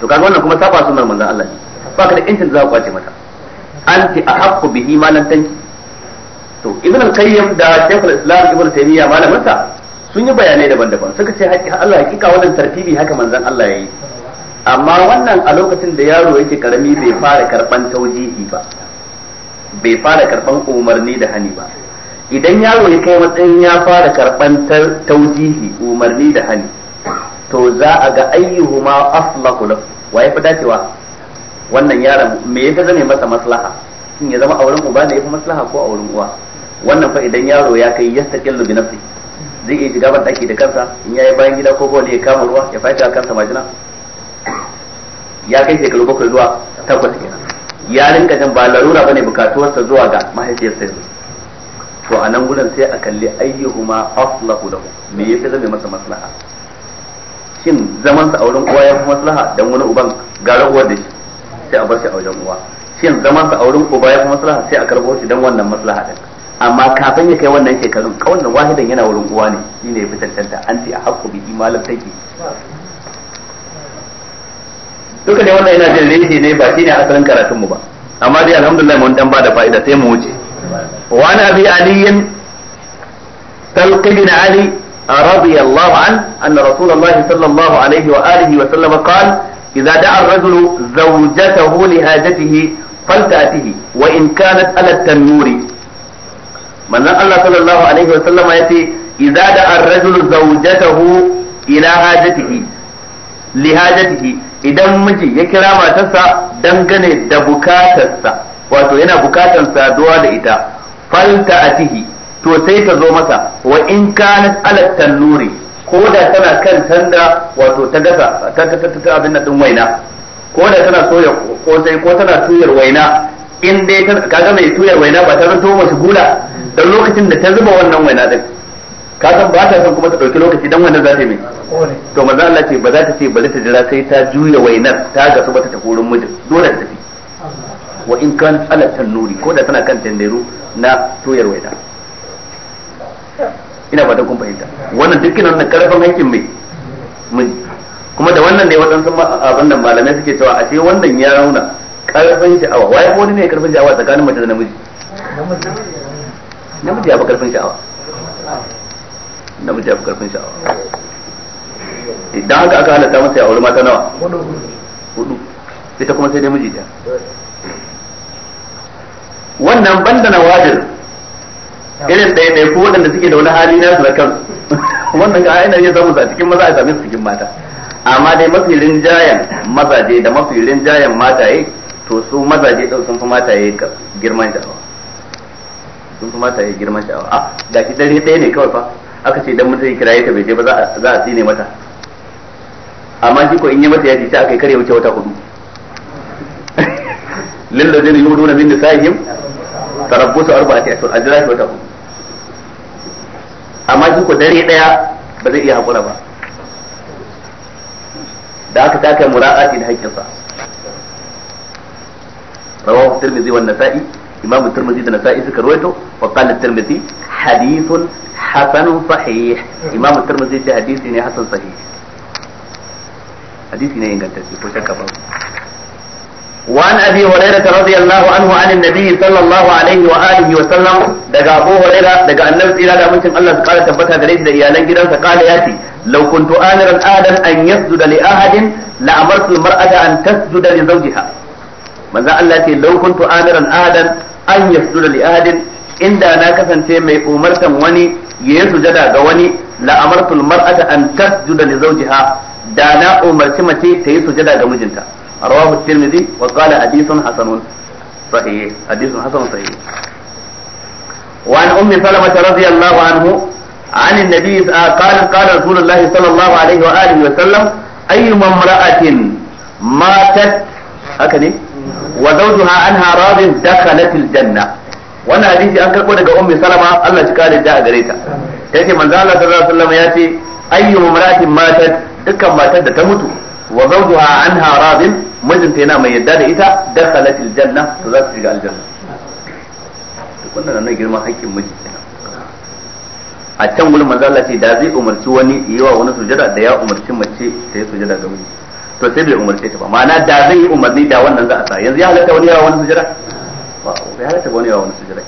to kaga wannan kuma saba sunnar manzo Allah ne ba ka da incin da za ka kwace mata anti ahaqqu bihi ma lam tanki to ibn al-qayyim da shaykhul islam ibn taymiya malamin sa sun yi bayanai daban-daban suka ce Allah hakika wannan tartibi haka manzon Allah yayi amma wannan a lokacin da yaro yake karami bai fara karban taujihi ba bai fara karban umarni da hani ba idan yaro ya kai matsayin ya fara karban taujihi umarni da hani to za a ga ayyuhuma aslahu lahu wa ya fi dacewa wannan yaron me ya zame masa maslaha shin ya zama auren uba ne ya fi maslaha ko auren uwa wannan fa idan yaro ya kai yastaqillu bi nafsi zai iya shiga ban daki da kansa in yayi bayan gida ko ne ya kama ruwa ya fata kansa majina ya kai shekaru bakwai zuwa takwas kenan ya rinka jin ba larura bane bukatuwarsa zuwa ga mahaifiyarsa to a nan gudan sai a kalli ayyuhuma aslahu lahu me yafi zame masa maslaha shin zamansa a auren uwa ya fi maslaha dan wani uban gara uwar da shi sai a bar shi a wajen uwa shin zama sa a wurin uba ya fi maslaha sai a karbo shi dan wannan maslaha din amma kafin ya kai wannan shekarun kaunan wahidan yana wurin uwa ne ne ya fi tantanta an ce a hakku bi imalar taiki duka ne wannan yana jin reshe ne ba shi ne asalin karatun mu ba amma dai alhamdulillah mun dan bada fa'ida sai mu wuce wa ana bi aliyin talqi bin ali رضي الله عنه أن رسول الله صلى الله عليه وآله وسلم قال idza da'a ar-rajulu zawjatahu li hajatihi falta'tihi wa in kanat ala tanuri manzon Allah sallallahu alaihi wa sallama yace idza da'a ar-rajulu idan miji ya kira matarsa dangane da bukatarsa wato yana bukatar saduwa da ita falta'tihi to sai ta zo masa wa in kanat ala tanuri ko da tana kan tanda wato ta gasa ta ta ta abin nan waina ko da tana soya sai ko tana tuyar waina in dai kaga mai tuyar waina ba ta zanto mashi gula dan lokacin da ta zuba wannan waina din ka san ba ta san kuma ta dauki lokaci dan wannan za ta yi mai to manzo Allah ce ba za ta ce bari ta jira sai ta juya wainar ta gasu bata ta wurin mijin dole ta tafi wa in kan alatan nuri ko da tana kan tandaru na tuyar waina ina ba fatan kun fahimta wannan dukkan wannan karfin hankin mai miji kuma da wannan ne wadansu abin da malamai suke cewa a ce wannan ya rauna karfin sha'awa wai wani ne karfin sha'awa tsakanin mace da namiji namiji ya fi karfin sha'awa namiji ya fi karfin sha'awa idan haka aka halatta masa ya aure mata nawa hudu ita kuma sai namiji ta wannan bandana na wajir irin ɗaya ɗaya ko waɗanda suke da wani hali nasu na kan wannan ga ainihin ya zama a cikin maza a same su cikin mata amma dai mafi rinjayen mazaje da mafi rinjayen mataye to su mazaje ɗau sun fi mataye girman sha'awa sun fi mataye girman sha'awa a ah, ga shi dare ɗaya ne kawai fa aka ce dan mutum kira ta bai je ba za a tsine mata amma shi ko in yi mata ji ta aka yi kare wuce wata hudu lillazina yurduna min nisaihim tarabbusu arba'ati ashhur ajra'i wata hudu amma shi ko dare daya ba zai iya hakura ba da aka taka mura'ati da haƙƙinsa rawahu tirmidhi wa nasa'i imamu tirmidhi da nasa'i suka rawaito wa qala tirmidhi hadithun hasan sahih imamu tirmidhi da hadisi ne hasan sahih hadisi ne ingantacce ko shakka ba وعن ابي هريره رضي الله عنه عن النبي صلى الله عليه واله وسلم daga Abu Huraira daga Annabi tsira da mutum Allah ya kara tabbata da shi da iyalan gidansa kala yati law kuntu amiran adan an yasjuda li ahadin la amartu an Allah ce law kuntu amiran adan an yasjuda li ahadin inda na kasance mai umartan wani ya yi sujada ga wani la mar'ata an tasjuda li zawjiha da na umarci mace ta yi sujada ga mijinta رواه الترمذي وقال حديث حسن صحيح حديث حسن صحيح وعن أم سلمة رضي الله عنه عن النبي قال قال رسول الله صلى الله عليه وآله وسلم أي امرأة ماتت هكذا وزوجها عنها راض دخلت الجنة an karbo daga ummi salama Allah ya kare da a gare ta yace manzo Allah sallallahu alaihi wasallam yace ayyu imra'atin matat dukkan matar da ta mutu wa zawjuha mijinta yana mai yadda da ita dakhalat aljanna to za su shiga aljanna to wannan nan girman haƙƙin miji a can gurin manzo Allah ce da zai umarci wani yi wa wani sujada da ya umarci mace ta yi sujada ga wani to sai bai umarce ta ba ma'ana da zai yi umarni da wannan za a sa yanzu ya halatta wani yawa wani sujada ba ya halatta wani yawa wani sujada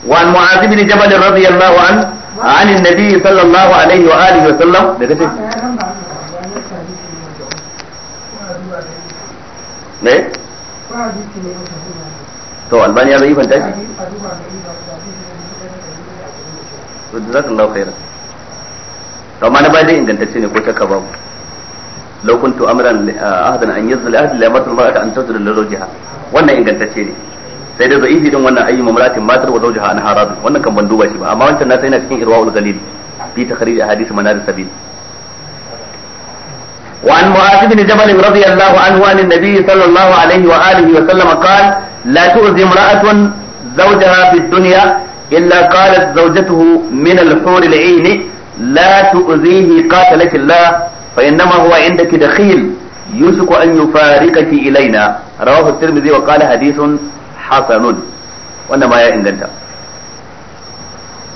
وعن معاذ بن جبل رضي الله عنه عن النبي صلى الله عليه وآله وسلم me to albani ya zai fanta shi jazakallahu khairan to amma na bai dai ingantacce ne ko shakka babu law kuntu amran ahadan an yazla ahad la matul mar'ata an da li zawjiha wannan ingantacce ne sai da zai din wannan ayi mamratin matar wa ha an haradu wannan kan ban duba shi ba amma wancan na sai na cikin ul galil fi takhrij ahadith manar sabil وعن معاذ بن جبل رضي الله عنه عن النبي صلى الله عليه وآله وسلم قال لا تؤذي امرأة زوجها في الدنيا إلا قالت زوجته من الحور العين لا تؤذيه قاتلك الله فإنما هو عندك دخيل يوشك أن يفارقك إلينا رواه الترمذي وقال حديث حسن وإنما يا إنجلتا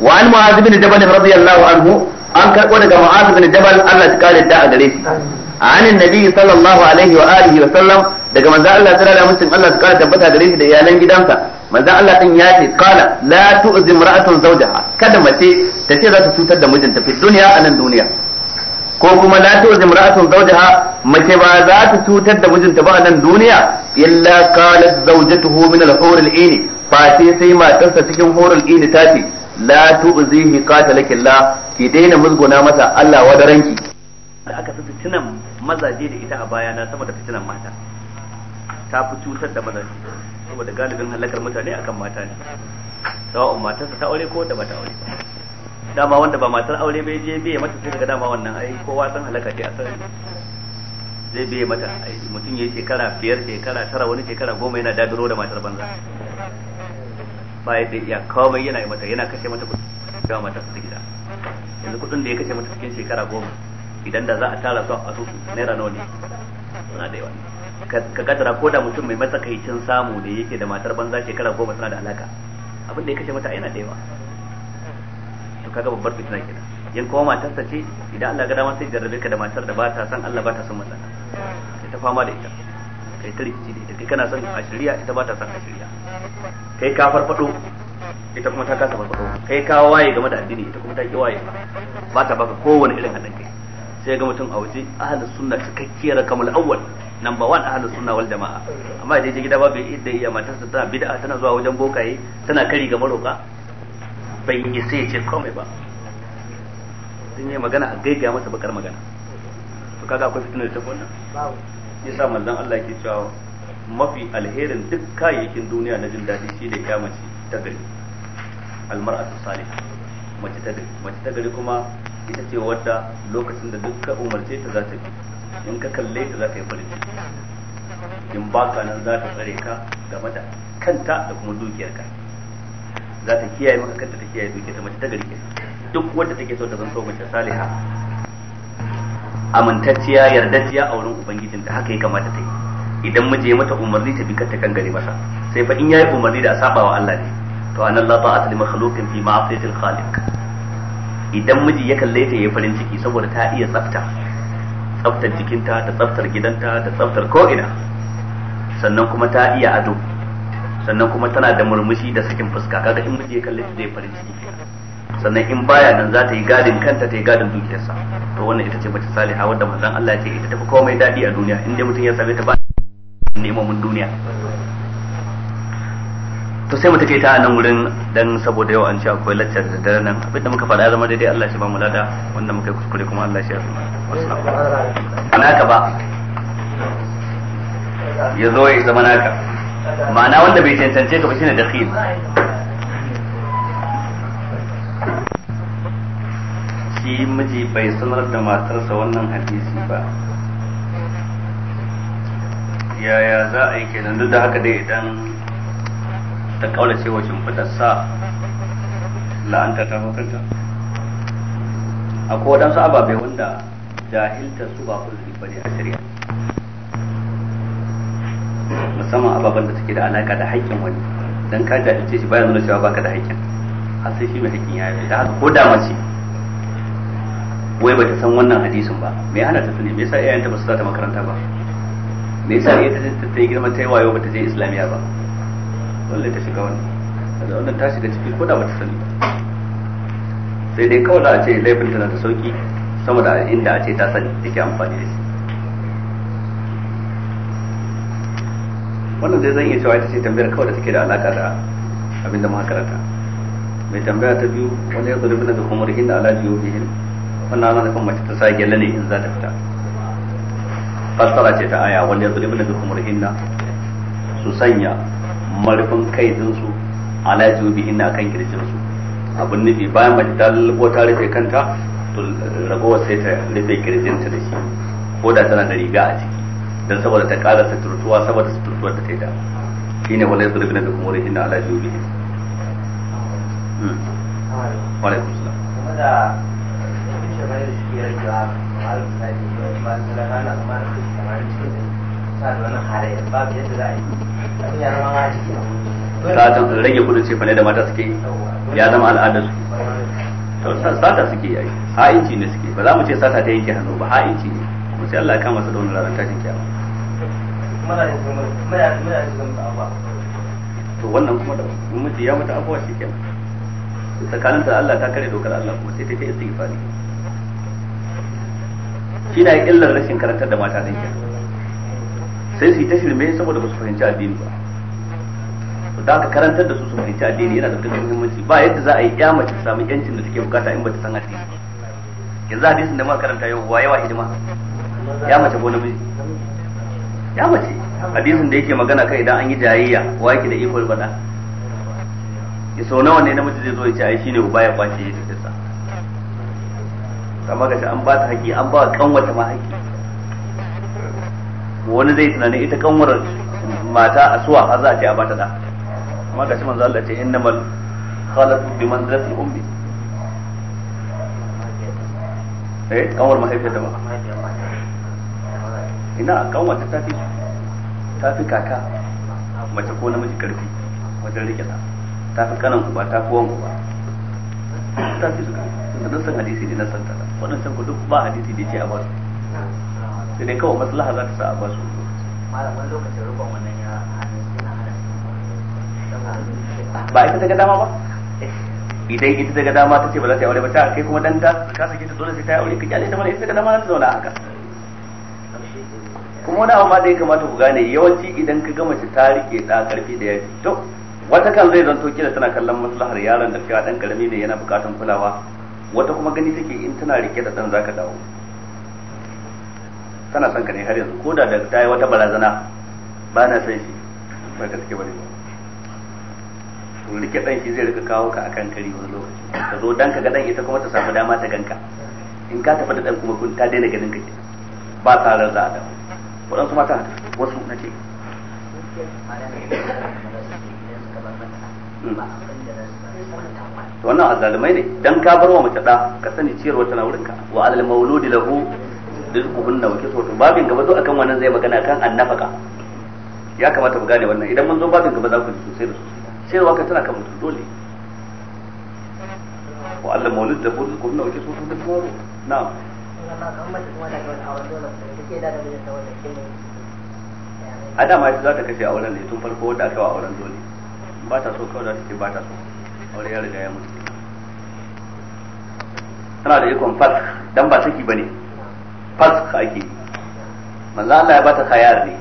وعن معاذ بن جبل رضي الله عنه أنكر قولك معاذ بن جبل الله تقال الداء عن النبي صلى الله عليه وآله وسلم daga manzo Allah tsara da muslim Allah su kara tabbata gare shi da iyalan gidansa manzo Allah din ya ce qala la tu'zim ra'atun zawjaha kada mace ta ce za ta cutar da mijinta fi duniya a duniya ko kuma la tu'zim ra'atun zawjaha mace ba za ta cutar da mijinta ba anan duniya illa qalat zawjatuhu min al-hur al-ain fa sai sai matarsa cikin hurul ain ta ce la tu'zihi qatalaki ki daina musguna masa Allah ranki. da aka fi fitinan mazaje da ita a bayana sama da fitinan mata ta fi cutar da mazaje saboda galibin halakar mutane akan mata ne sawa'un matarsa ta aure ko da bata aure dama wanda ba matar aure bai je biye mata sai daga dama wannan ai kowa san halaka ce a san zai biye mata ai mutum yayi shekara biyar shekara tara wani shekara goma yana dadiro da matar banza ba ya da iya kawai yana yi mata yana kashe mata kudi ga matar su gida yanzu kudin da ya kashe mata cikin shekara goma idan da za a tara su a asusu naira nawa ne suna da yawa ka kadara ko da mutum mai matsakaicin samu da yake da matar banza shekara goma suna da alaka abin da ya kashe mata yana da yawa to kaga babbar fitina kenan yan kuma ta ce idan Allah ga dama sai jarrabe ka da matar da ba ta san Allah ba ta son matsala. kai ta fama da ita kai ta rikici da ita kai kana son a shirya ita ba ta son a shirya kai ka farfado ita kuma ta kasa farfado kai ka waye game da addini ita kuma ta ki waye ba ta baka kowane irin haɗin kai sai ga mutum a waje ahlus sunna cikakkiyar kamar awwal number one ahlus sunna wal jamaa amma da je gida ba bai idda iya matarsa tana bid'a tana zuwa wajen bokaye tana kari ga maroka bai yi sai ya ce komai ba sun yi magana a gaibiya masa bakar magana to kaga akwai fitinar ta wannan sa manzon Allah ke cewa mafi alherin duk kayayyakin duniya na jin daɗi shi da kyamaci ta gari almar'atu salih mace ta gari mace ta gari kuma ita ce wadda lokacin da duk ka umarce ta za ta bi in ka kalle ta za ka yi farin ciki in ka nan za ta tsare ka game da kanta da kuma dukiyarka za ta kiyaye maka kanta ta kiyaye dukiyarta mace ta gari duk wadda take so ta zanto mace saliha amintacciya yardacciya a wurin ubangijinta haka ya kamata ta yi idan miji ya mata umarni ta bi kanta kan gari masa sai fa in yayi umarni da a sabawa Allah ne to anan la ta'at li makhluqin fi ma'asiyatil khaliq idan miji ya kalle ta yayi farin ciki saboda ta iya tsafta tsaftar jikinta da tsaftar gidanta da tsaftar ko'ina sannan kuma ta iya ado sannan kuma tana da murmushi da sakin fuska kaga in miji ya kalle ta zai farin ciki sannan in baya nan za ta yi gadin kanta ta yi gadin dukiyarsa to wannan ita ce mace saliha wadda manzon Allah ya ce ita tafi komai dadi a duniya in dai mutum ya same ta ba neman duniya to sai mu tafi ta a nan wurin dan saboda yau an ci akwai lecture da dare nan abinda muka faɗa zama daidai Allah shi ba mu lada wanda muka yi kuskure kuma Allah shi ya na ka ba ya zo ya zama naka ma'ana wanda bai cancance ka ba shine khil shi miji bai sanar da matarsa wannan hadisi ba yaya za a yi kenan duk da haka dai idan ta kaula cewa shimfidar sa la'anta ta hukunta akwai waɗansu ababe wanda jahilta su ba kulli ba ne a shari'a musamman ababen da suke da alaka da haƙƙin wani dan ka jahilce shi bayan nuna cewa baka da haƙƙin har sai shi mai haƙƙin ya yi ta haka ko da mace wai bata san wannan hadisin ba me hana ta sani me yasa iyayenta ba su sa ta makaranta ba me yasa iyayenta ta yi girma ta yi wayo bata je islamiyya ba balle ta shiga wani kaga wannan ta shiga ciki ko da bata sani sai dai kawai da a ce laifin tana da sauki sama da inda a ce ta sani take amfani da shi wannan zai zan iya cewa ita ce tambayar kawai da take da alaka da abin da muka mai tambaya ta biyu wani ya zurfi rikin da alaji ala biyu. wannan ana nufin mace ta sa gyalle ne in za ta fita fassara ce ta aya wani ya zurfi daga kuma hinda su sanya marfin kai dinsu ala jubihin ina kan kirjinsu abin nufi bayan mace ta lalubo ta rufe kanta to ragowar sai ta rufe kirjinta da shi ko da tana da riga a ciki don saboda ta ƙara suturtuwa saboda suturtuwar da ta yi da shi ne wale zurbin da kuma rihin ala jubihin hmm. Walaikum salam. Game da da satan rage kudin cefane da mata suke ya zama al'adar su sata suke yi ha'inci ne suke ba za mu ce sata ta yanke hannu ba ha'inci ne kuma sai Allah ya kama su da wani ranar tashin kiyama to wannan kuma da miji ya mata abuwa shi kenan tsakanin ta Allah ta kare dokar Allah kuma sai ta ta istighfari shi na illar rashin karantar da mata din kenan sai su yi ta shirme saboda ba su fahimci addini ba da aka karantar da su su fahimci addini yana da dukkan muhimmanci ba yadda za a yi ya mace samu yancin da take bukata in ba ta san addini yanzu hadisin da muka karanta yau wa yawa hidima ya mace ko namiji ya mace hadisin da yake magana kai idan an yi jayayya wa yake da ikon bada ya sau nawa ne namiji zai zo ya ce ai shine uba ya kwace ya tafi sa amma ga an ba ta haƙi an ba kanwata ma haƙi wani zai tunanin ita kanwar mata a suwa har za a ce a bata da amma ga shi manzo Allah ce innamal khalatu bi manzilati ummi eh kanwar mahaifiyar da ba ina kanwar ta tafi tafi kaka mace ko namiji karfi wajen rike ta tafi kanan uba tafi wan uba tafi su da san hadisi ne na santa san ku duk ba hadisi da ce a ba su sai dai kawai maslaha za ka sa a basu malaman lokacin rukun wannan ya ba ita daga dama ba idan ita daga dama ta ce ba za ta yi aure ba ta kai kuma dan ta ka sake ta dole sai ta yi aure ka kyale ta mana ita daga dama za ta zauna haka kuma wani abu ma da ya kamata ku gane yawanci idan ka gama ta rike da karfi da yaji to wata kan zai zanto kila tana kallon maslahar yaron da cewa dan karami ne yana bukatan kulawa wata kuma gani take in tana rike da dan zaka dawo tana son ka ne har yanzu ko da ta yi wata barazana ba na son shi ba ka take bari ba to rike dan shi zai rika kawo ka akan kari wani lokaci ka zo dan ka ga dan ita kuma ta samu dama ta ganka in ka tafi da dan kuma kun ta daina ganin ka ke ba sa ran za a dawo waɗansu mata wasu na ce hmm. wannan azzalumai ne dan ka bar wa mace da ka sani ciyarwa tana wurinka wa al mauludi lahu rizquhunna wa kiswatu babin gaba duk akan wannan zai magana kan annafaka ya kamata mu gane wannan idan mun zo babin gaba za ku ji sosai da sosai sai waka tana kan mutum dole wa Allah maulid da bulu nauke wa kiswatu da tsoro na a dama ita za ta kashe auren ne tun farko wadda aka wa wurin dole ba ta so kawai za ta ce ba ta so aure ya riga ya mutu tana da ikon fat dan ba saki bane fasakh ake manzo Allah ya bata khayar ne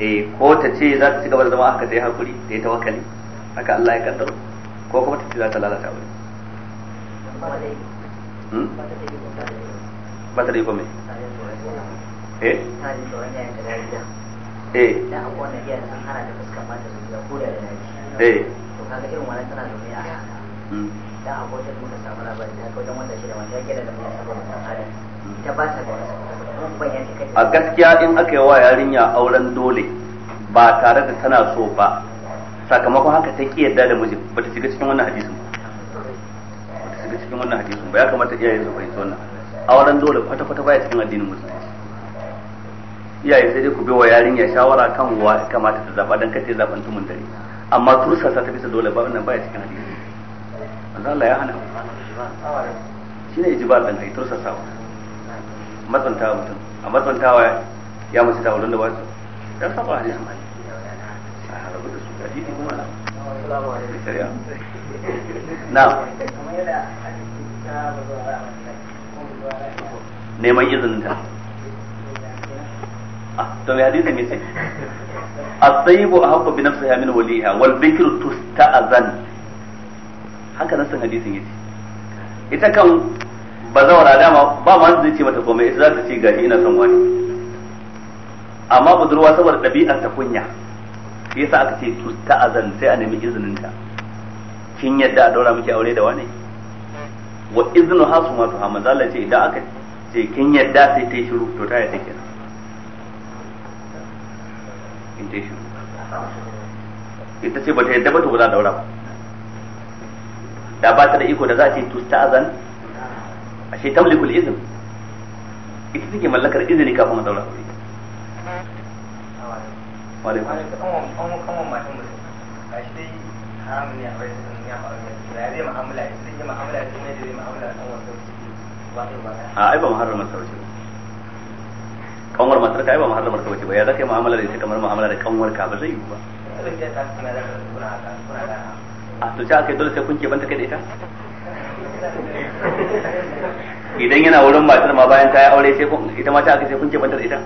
eh ko ta ce za ta ci gaba da zama haka ta yi hakuri ta yi tawakkali haka Allah ya kaddaro ko kuma ta ce za ta lalata wuri hmm? ba ta da iko eh eh eh kaga irin wannan tana da a da a muka samu labarin da wanda shi da wanda ya gida da a gaskiya in aka yi wa yarinya auren dole ba tare da tana so ba sakamakon haka ta ki yadda da ba ta shiga cikin wannan hadisin ta shiga cikin wannan hadisin ba ya kamata iyaye su fahimci wannan auren dole kwata kwata baya cikin addinin musulunci iyaye sai dai ku bi wa yarinya shawara kan wa kamata ta zaba dan kace zaban tumun dare amma turusa sa ta bisa dole ba wannan baya cikin hadisi Allah ya hana ne ijibar dan kai turusa sa matsantawa mutum a matsanta matsantawa ya mace ta wurin da ba su dan saba hadisin mai a rabu da su gaji ne kuma na neman izinin ta ah, to mai hadisin yace as a ahqqu bi ya min waliha wal bikru tusta'zan haka nan san hadisin yace ita kan ba zawara dama ba ma zai ce mata komai ita za ta ce gashi ina son wani amma budurwa saboda ɗabi'ar ta kunya shi yasa aka ce tu ta'azan sai a nemi izinin ta kin yadda a daura miki aure da wani wa iznu hasu ma tuha manzo Allah ce idan aka ce kin yadda sai ta yi shiru to ta yadda kenan in ta yi shiru ita ce ba ta yadda ba to ba za a daura ba da ba ta da iko da za a ce tu ta'azan ashe tamlikul izn ita take mallakar izini kafin a daura aure a ai ba muharramar sa bace kanwar matar ka ai ba muharramar sa bace ba ya zaka yi mu'amala da ita kamar mu'amala da kanwar ka ba zai yi ba a to ta aka yi dole sai kun ke banta kai da ita idan yana wurin matar ma bayan ta yi aure sai kun ita mata aka sai kun ke bantar ita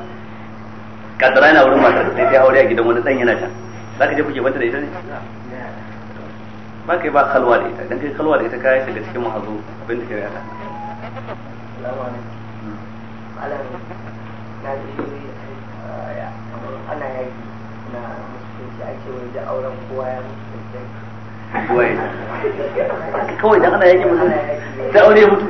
kadara yana wurin matar sai ta aure a gidan wani dan yana can zaka je kuke bantar ita ne ba kai ba kalwa da ita dan kai kalwa da ita kai shiga cikin mahazo abin da ke rata ana yaki na musulunci ake wani da auren kowa ya mutu waye kawai dan ana yake mutum sai aure mutu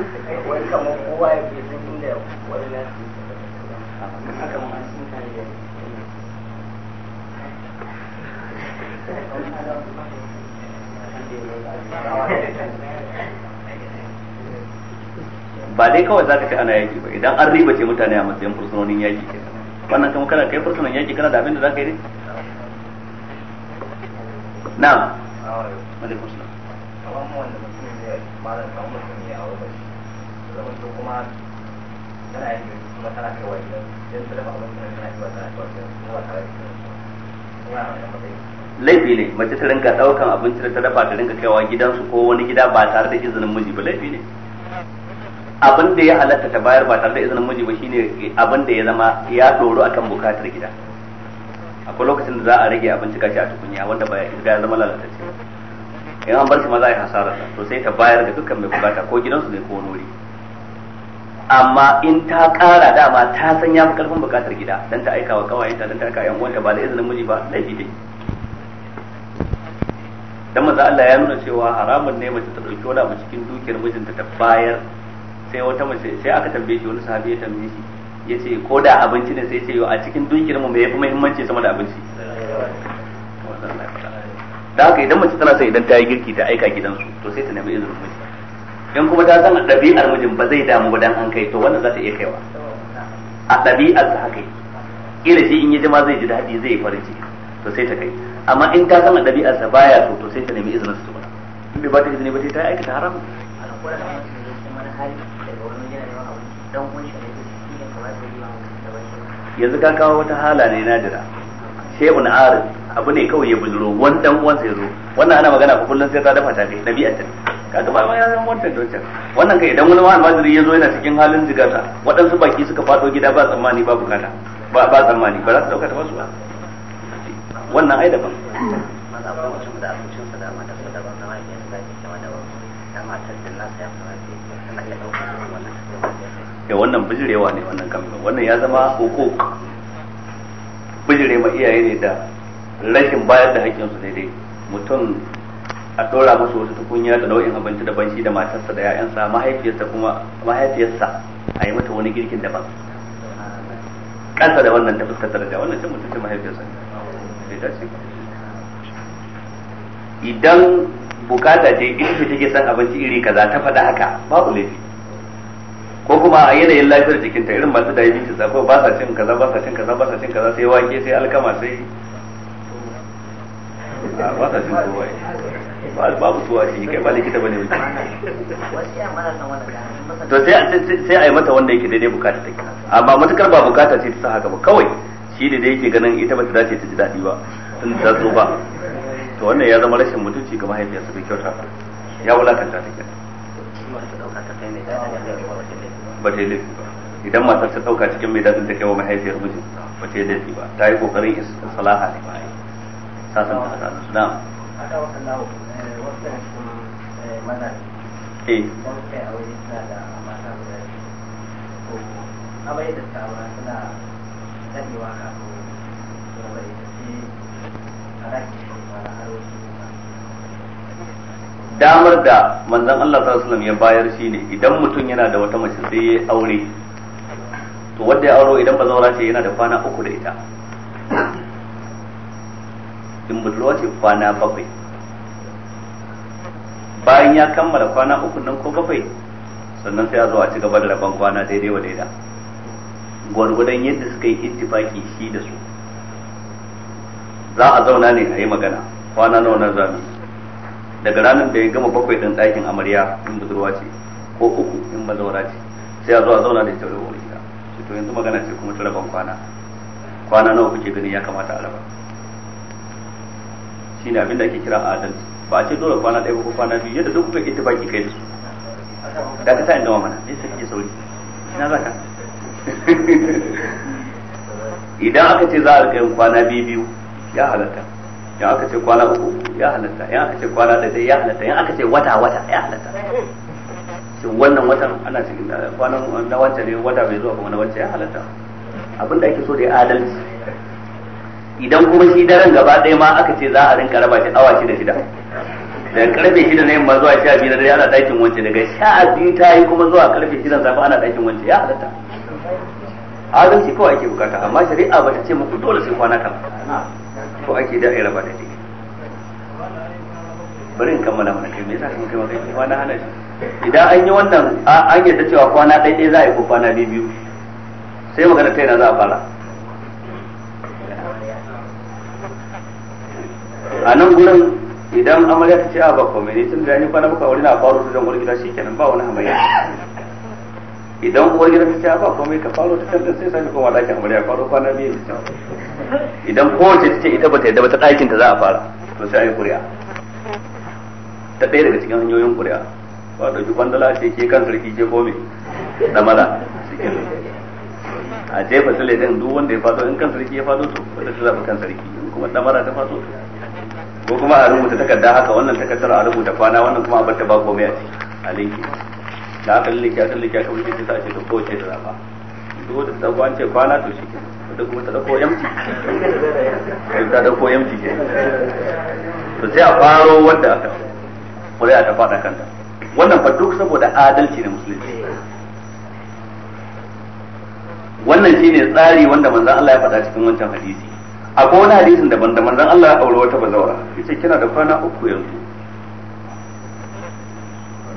ba dai kawai za ka ce ana yaki ba idan an riba ce mutane a matsayin fursunonin yaki kenan wannan kuma kana kai fursunan yaki kana da abin da zaka yi ne na'am alaikum wanda ne mutum ne a zama kuma ta dafa a laifi ne mace ta rinka daukan abinci da ta dafa ta rinka kaiwa gidansu ko wani gida ba tare da izinin miji ba laifi ne abin da ya halatta ta bayar ba tare da izinin miji ba shine abin da ya zama ya doro akan bukatar gida akwai lokacin da za a rage abinci kashi a tukunya wanda ba ya zama lalatacce in an bar shi ma za a yi hasararsa to sai ta bayar da dukkan mai bukata ko gidansu ne ko nori amma in ta kara dama ta san ya fi karfin bukatar gida dan ta aika wa kawayenta dan ta aika yan uwanta ba da izinin miji ba laifi dai dan manzo Allah ya nuna cewa haramun ne mace ta dauki wani abu cikin dukiyar mijinta ta bayar sai wata mace sai aka tambaye shi wani sahabi ya tambaye shi yace ko da abinci ne sai ce a cikin dukiyar mu me yafi muhimmanci sama da abinci da haka idan mace tana son idan ta yi girki ta aika gidansu to sai ta nemi izinin miji in kuma ta san ɗabi'ar mijin ba zai damu ba dan an kai to wannan za ta iya kaiwa a ɗabi'ar ta haka kila shi in ya jima zai ji daɗi zai yi farin ciki to sai ta kai amma in ta san ɗabi'ar sa baya so to sai ta nemi izinin su tukuna in bai ba ta izini ba sai ta aikata haramu yanzu ka kawo wata hala ne nadira shay'un arid abu ne kawai ya buzuro wani dan uwan ya zo wannan ana magana ku kullun sai ta dafa ta kai dabi'a ta kaga ba ya zama wancan dokar wannan kai idan wani ma almajiri ya zo yana cikin halin jigata waɗansu baki suka fado gida ba tsammani ba bukata ba ba tsammani ba za su dauka ta wasu ba wannan ai daban da wannan bijirewa ne wannan kamfani wannan ya zama hukuk bijire ma iyaye ne da rashin bayar da haƙƙin su daidai mutum a dora musu wasu tukunya da nau'in abinci da shi da matarsa da 'ya'yansa mahaifiyarsa kuma mahaifiyarsa a yi mata wani girkin daban kansa da wannan ta fuskatar da wannan cin ce mahaifiyarsa ne da ce idan bukata ce in take son abinci iri kaza ta faɗa haka babu laifi ko kuma a yanayin lafiyar jikinta irin masu diabetes akwai ba sa cin kaza ba sa cin kaza ba sa cin kaza sai wake sai alkama sai ba sa cin tuwaye babu tuwa shi kai ba likita bane mutum to sai sai a yi mata wanda yake daidai bukata take amma matukar ba bukata ce ta sa haka ba kawai shi da da yake ganin ita ba ta dace ta ji dadi ba tun da zo ba to wannan ya zama rashin mutunci ga mahaifiyarsa bai kyauta ba ya wulakanta ta kenan ba ta yi laifi ba idan matar ta dauka cikin mai dadin ta kai wa mahaifiyar mijin ba ta yi laifi ba ta yi kokarin salaha ne ba sa san ta hada su na'am eh suna da suna dadewa ko da a damar da manzon Allah sallallahu alaihi ya bayar shine idan mutum yana da wata mace sai ya aure to wanda ya aure idan ba zaura ce yana da kwana uku da ita in budurwa ce kwana bakwai bayan ya kammala kwana uku nan ko bakwai sannan sai ya zo a ci gaba da rabon kwana daidai wa daida gwargwadon yadda suka yi ittifaki shi da su za a zauna ne a yi magana kwana nawa na zami daga ranar da ya gama bakwai din ɗakin amarya in budurwa ce ko uku in mazaura ce sai a zo a zauna da ita da wani gida to yanzu magana ce kuma ta rabon kwana kwana nawa kuke ganin ya kamata a raba shine abin da ake kira adalci ba a ce dole kwana ɗaya ko kwana biyu yadda duk kuka ita baki kai da su da ka sa in gama mana sai kake sauri ina za ka idan aka ce za a rika yin kwana biyu biyu ya halatta yan aka ce kwana uku ya halatta yan aka ce kwana da dai ya halatta yan aka ce wata wata ya halatta shin wannan watan ana cikin eh, kwanan na wancan ne wata bai zuwa kuma na wancan ya halatta abin da ake so da ya adalci idan kuma shi daren gaba ɗaya ma aka ce za a rinka raba shi awa shida shida da karfe shida na yamma zuwa sha biyu na dare ana ɗakin wance daga sha biyu ta yi kuma zuwa karfe shida safe ana ɗakin wance ya halatta adalci kawai ake bukata amma shari'a ba ta ce muku dole sai kwana kaza ko ake da ai raba da dai bari in kammala mana kai me yasa kuma kai maka kwana hana shi idan an yi wannan an yadda cewa kwana ɗaya ɗaya za a yi ko kwana biyu biyu sai magana ta yana za a fara a nan gurin idan amarya ta ce a ba komai ne tun da ni kwana baka wani na faru su zan wani gida shi kenan ba wani hamayya idan uwar gida ta ce ba komai ka faro ta tantan sai sami koma dakin amarya faro kwana biyu idan kowace ta ce ita bata yadda ba ta dakin ta za a fara to sai ayi kuri'a ta ɗaya daga cikin hanyoyin kuri'a ba ta ji kwandala ce ke kan sarki ke kome da mala a jefa sule din duk wanda ya faɗo in kan sarki ya faɗo to wanda ta zaɓi kan sarki kuma damara ta fado ko kuma a rubuta takarda haka wannan takardar a rubuta kwana wannan kuma a bar ta ba komai a ciki a linki da aka lalike aka lalike aka lallake sai ce dauko ce da rafa duk da dauko an ce kwana to shi ke da kuma ta dauko yamci sai ta dauko yamci ke to sai a faro wanda aka a ta fada kanta wannan fa duk saboda adalci ne musulunci wannan shine tsari wanda manzon Allah ya faɗa cikin wancan hadisi akwai wani hadisin daban da manzon Allah ya aure wata bazawara yace kina da kwana uku yanzu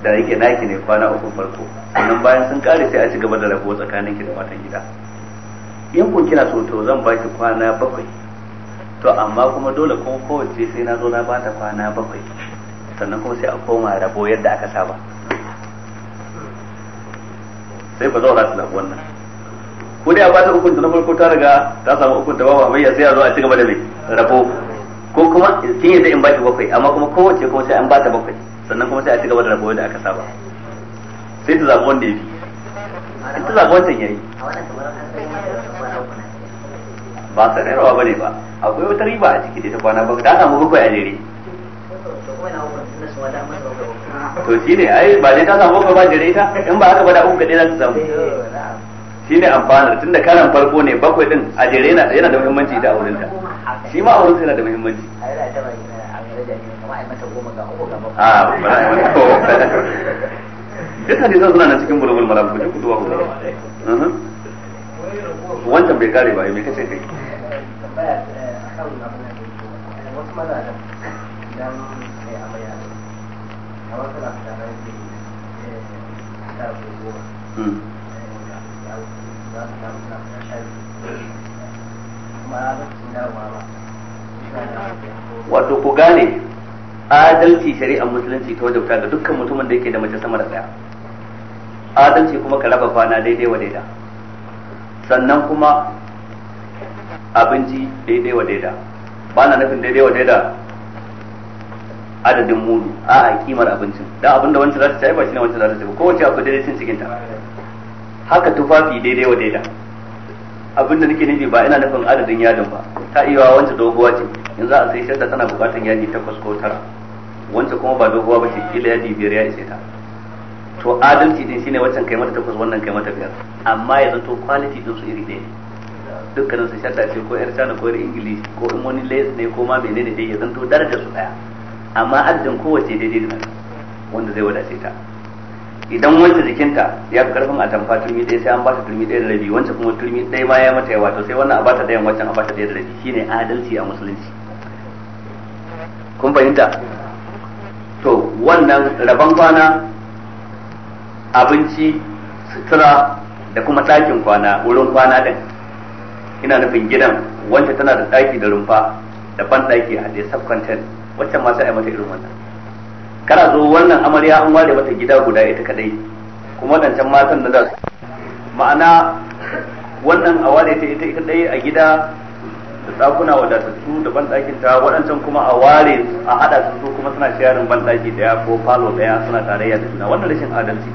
da yake naki ne kwana uku farko sannan bayan sun kare sai a ci gaba da rabo tsakanin ki da matan gida in kun kina so to zan baki kwana bakwai to amma kuma dole kuma kowace sai na zo na bata kwana bakwai sannan kuma sai a koma rabo yadda aka saba sai ba zauna su lafi nan ko dai a bata hukunta na farko ta riga ta samu hukunta babu hamayya sai a zo a ci gaba da mai rabo ko kuma kin yadda in baki bakwai amma kuma kowace kuma sai an bata bakwai sannan kuma sai a cigaba da rabo da aka saba sai ta zaɓi wanda ya fi in ta zaɓi wancan yayi ba ne ba ne ba akwai wata riba a ciki da ta kwana ba ta samu bakwai a jere to shi ne ai ba dai ta samu bakwai ba jere ita in ba aka bada uku kaɗai za ta samu shi ne amfanar tun da karan farko ne bakwai din a jere yana da muhimmanci ita a wurinta shi ma a wurinsa yana da muhimmanci Ah, a ba za a wani ko duk hadisan suna nan cikin bulugul maram ku ku duwa ku wancan bai kare ba mai kace kai hmm. wato ku gane adalci shari'ar musulunci ta wajabta ga dukkan mutumin da yake da mace sama da daya adalci kuma ka raba kwana daidai wa daida sannan kuma abinci daidai wa daida ba na nufin daidai wa daida adadin mudu a a kimar abincin Da abinda wancan za ta ci ba shi ne wancan za su ci ba kowace abu daidai cin cikin ta haka tufafi daidai wa daida abinda nake nufi ba ina nufin adadin yadin ba ta iya wancan doguwa ce Yanzu a sai shadda tana bukatan yadi takwas ko tara wancan kuma ba doguwa ba shi kila ya biyar ya ishe ta to adalci din shine wancan kai mata takwas wannan kai mata biyar amma ya zanto quality din su iri ɗaya dukkanin su shadda ce ko yar tana ko yar ingilishi ko in wani lace ne ko ma menene dai ya zanto daraja su ɗaya amma adadin kowace daidai da wanda zai wadace ta idan wancan jikinta ya fi karfin tamfa turmi ɗaya sai an ba ta turmi ɗaya da rabi wancan kuma turmi ɗaya ma ya mata yawa to sai wannan a ba ta ɗayan wancan a ba ta ɗaya da rabi shine adalci a musulunci kun fahimta to wannan rabon kwana abinci sutura da kuma ɗakin kwana wurin kwana din ina nufin gidan wanda tana da ɗaki da rumfa da ban ɗaki a dai subcontent wacce ma sai a mata irin wannan kana zo wannan amarya an ware mata gida guda ita kadai kuma wadancan matan da za su ma'ana wannan a ware ta ita kadai a gida da ɗakuna wadatattu da banɗakin ta waɗancan kuma a ware a haɗa su su kuma suna shayarin banɗaki ɗaya ko falo ɗaya suna tarayya da juna wannan rashin adalci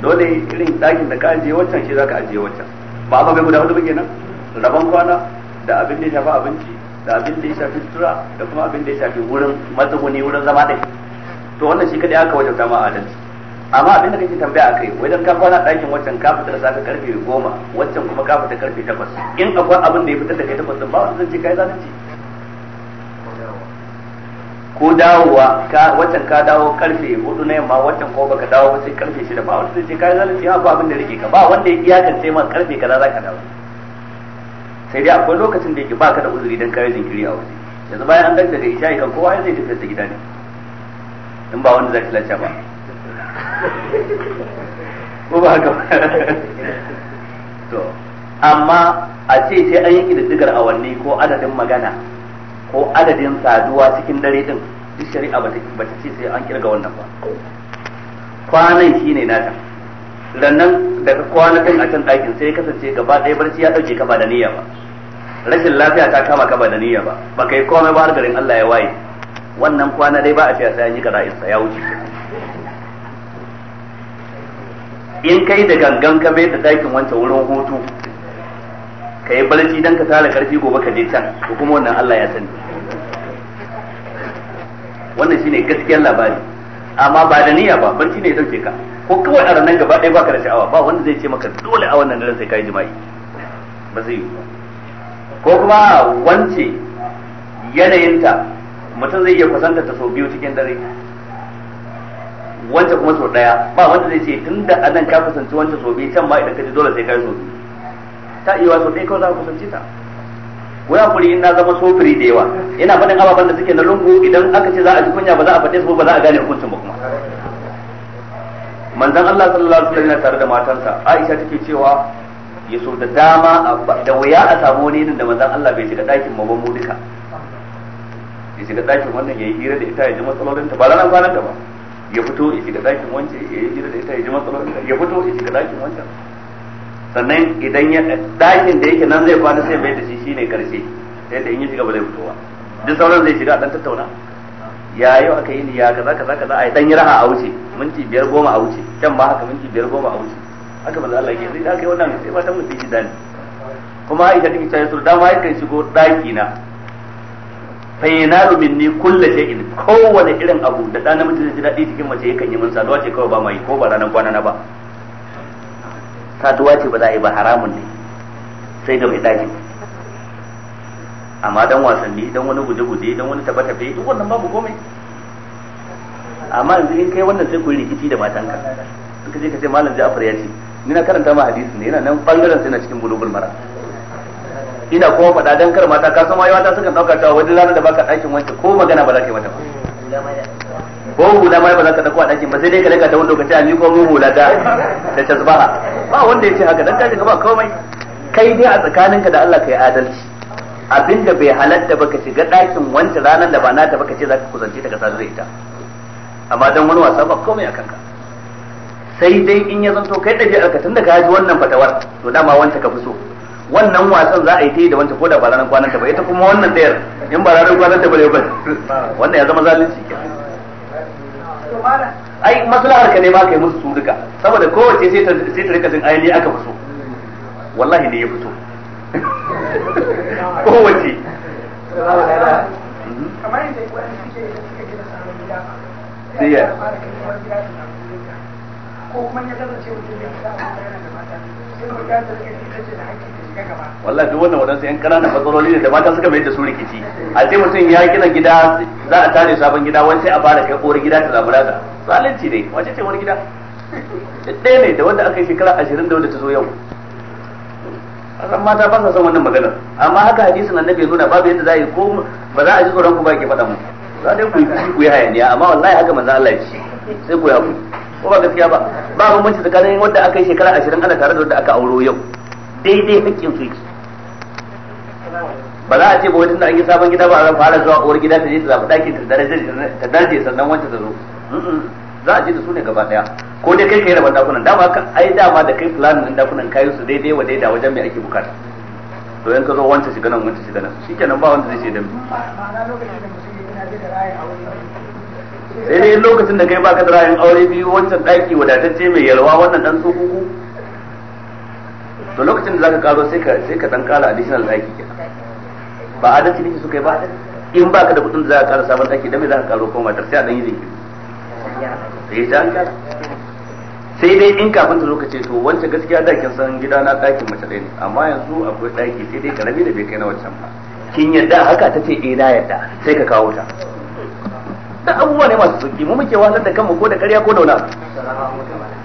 dole irin ɗakin da ka ajiye waccan shi za ka ajiye waccan ba a bai guda hudu ba kenan rabon kwana da abin da ya shafi abinci da abin da ya shafi sutura da kuma abin da ya shafi wurin matsuguni wurin zama ɗaya to wannan shi kaɗai aka wajabta ma adalci amma abin da kake tambaya akai wajen ka kwana ɗakin waccan ka fita da safe karfe goma waccan kuma ka fita karfe takwas in akwai abin da ya fitar da kai takwas ba wanda zan ce kai zalunci ko dawowa ka waccan ka dawo karfe hudu na yamma waccan ko baka dawo ba sai karfe shida ba wanda zan ce kai zalunci ya ba abin da rike ka ba wanda ya iyakance ma karfe kaza za ka dawo sai dai akwai lokacin da yake baka da uzuri dan kai jinkiri a waje yanzu bayan an daga isha'i kan kowa ya zai tafi da gida ne in ba wanda zaki tilace ba ko ba haka to amma a ce sai an yi kididdigar awanni ko adadin magana ko adadin saduwa cikin dare din duk shari'a ba ta ce sai an kirga wannan ba kwanan shine nata rannan daga kwanakin a can ɗakin sai kasance gaba ɗaya barci ya ɗauke ka ba da niyya ba rashin lafiya ta kama ka ba da niyya ba ba yi komai ba har garin Allah ya waye wannan kwana dai ba a fiya sai an yi kaza ya wuce in kai da gangan ka mai da dakin wancan wurin hutu ka yi barci don ka tara karfi gobe ka je can ko kuma wannan Allah ya sani wannan shine gaskiyar labari amma ba da niyya ba barci ne ya dauke ka ko kawai a ranar gaba ɗaya baka da sha'awa ba wanda zai ce maka dole a wannan daren sai kai jima'i ba zai yi ko kuma wance yanayinta mutum zai iya kusantar ta sau biyu cikin dare wanda kuma sau daya ba wanda zai ce tunda nan ka kusanci wanda sau biyu can ma idan ka ji dole sai ka sau biyu ta iya sau ɗaya kawai za ka kusanci ta wani hakuri in na zama sofiri da yawa ina faɗin ababen da suke na lungu idan aka ce za a ji kunya ba za a faɗe su ba za a gane hukuncin ba kuma manzan Allah sallallahu alaihi wasallam yana tare da matansa Aisha take cewa ya so da dama da wuya a samu wani da manzan Allah bai shiga ɗakin mu ba mu duka ya shiga ɗakin wannan ya yi hira da ita ya ji matsalolin ta ba ranar kwanan ta ba ya fito ya shiga dakin wancan ya yi gida da ita ya ji matsalolin ya fito ya shiga dakin wancan sannan idan ya dakin da yake nan zai kwana sai bai da shi shine karshe sai da in ya shiga ba zai fito ba duk sauran zai shiga dan tattauna ya yau aka yi ya kaza kaza kaza a dan yi raha a wuce minti biyar goma a wuce can ba haka minti biyar goma a wuce haka manzo Allah yake zai da kai wannan sai ta mutu shi dani kuma Aisha take cewa dama yakan shigo daki na fa yanalu minni kullu shay'in kowane irin abu da dan namiji zai ji dadi cikin mace yakan yi mun saduwa ce kawai ba mai ko ba ranar kwana na ba saduwa ce ba za a yi ba haramun ne sai da mai daji amma dan wasanni dan wani guje-guje dan wani tafe-tafe duk wannan babu komai amma yanzu in kai wannan sai ku rikici da matanka suka je ka ce malam Ja'far ya ce ni na karanta ma hadisi ne yana nan bangaren sai na cikin bulugul mara ina kuma faɗa dan kar mata ka san mata sukan dauka cewa wani ranar da baka ɗakin wanke ko magana ba za ka yi mata ba ko hula ma ba za ka dauko a ɗakin ba sai dai ka daga ta wani lokaci a miko mu hula da da tasbaha ba wanda ya ce haka dan ka ba komai kai dai a tsakaninka da Allah kai adalci abinda bai halatta ba ka shiga ɗakin wancan ranar da ba na ta ba ka ce za ka kusance ta ka sadu da ita amma dan wani wasa ba komai a kanka sai dai in ya zanto kai ɗabi'arka tun da ka ji wannan fatawar to dama wancan ka fi so wannan wasan za a yi ta yi da wancan ko da ba ranar kwanan ta ba ita kuma wannan ɗayar in ba ranar kwanan ta ba ne ba wannan ya zama zalunci ai maslahar ka ne ma kai musu su duka saboda kowace sai ta sai ta rika jin so. aka fito wallahi ne ya fito kowace kamar yadda suke gina sai ya ko kuma ya mutum ya fita a da mata wallahi duk wannan wadansu yan kananan matsaloli ne da mata suka mai da su rikici a ce mutum ya gina gida za a tare sabon gida wani sai a fara kai kori gida ta zamura da zalunci ne wace ce wani gida ɗaya ne da wanda aka yi shekara ashirin da wanda ta zo yau san mata ba sa son wannan maganar amma haka hadisin annabi ya zo babu yadda za a yi ko ba za a ji tsoron ku ba ke faɗa mu za dai ku yi ku yi hayaniya amma wallahi haka manzo Allah ya ce sai ku ya ku ko ba gaskiya ba ba bambanci tsakanin wanda aka yi shekara ashirin ana tare da wanda aka auro yau daidai hakkin su yake ba za a ce ba da an yi sabon gida ba a fara zuwa uwar gida ta je ta zafi ɗakin ta daje sannan wancan ta zo za a je da su ne gaba daya ko dai kai kai rabar dakunan dama kan ai dama da kai planin din dakunan kayan su daidai wa daidai wajen mai ake bukata to yanka zo wancan shiga nan wancan shiga nan shikenan ba wanda zai da mu sai dai lokacin da kai baka da ra'ayin aure biyu wancan daki wadatacce mai yalwa wannan dan su kuku to lokacin da zaka karo sai ka sai ka dan kara additional daki kenan ba adalci ne su kai ba in baka da kudin da zaka kara sabon daki dan me zaka karo ko matar sai a dan yi jinkiri eh, sai ta sai dai in kafin ta lokaci to wancan gaskiya dakin san gida na dakin mace ɗaya ne amma yanzu akwai daki sai dai karami da bai kai na wancan ba kin yadda haka ta ce eh na yadda sai ka kawo ta da abubuwa ne masu tsoki mu muke wahalar da kanmu ko da ƙarya ko da wani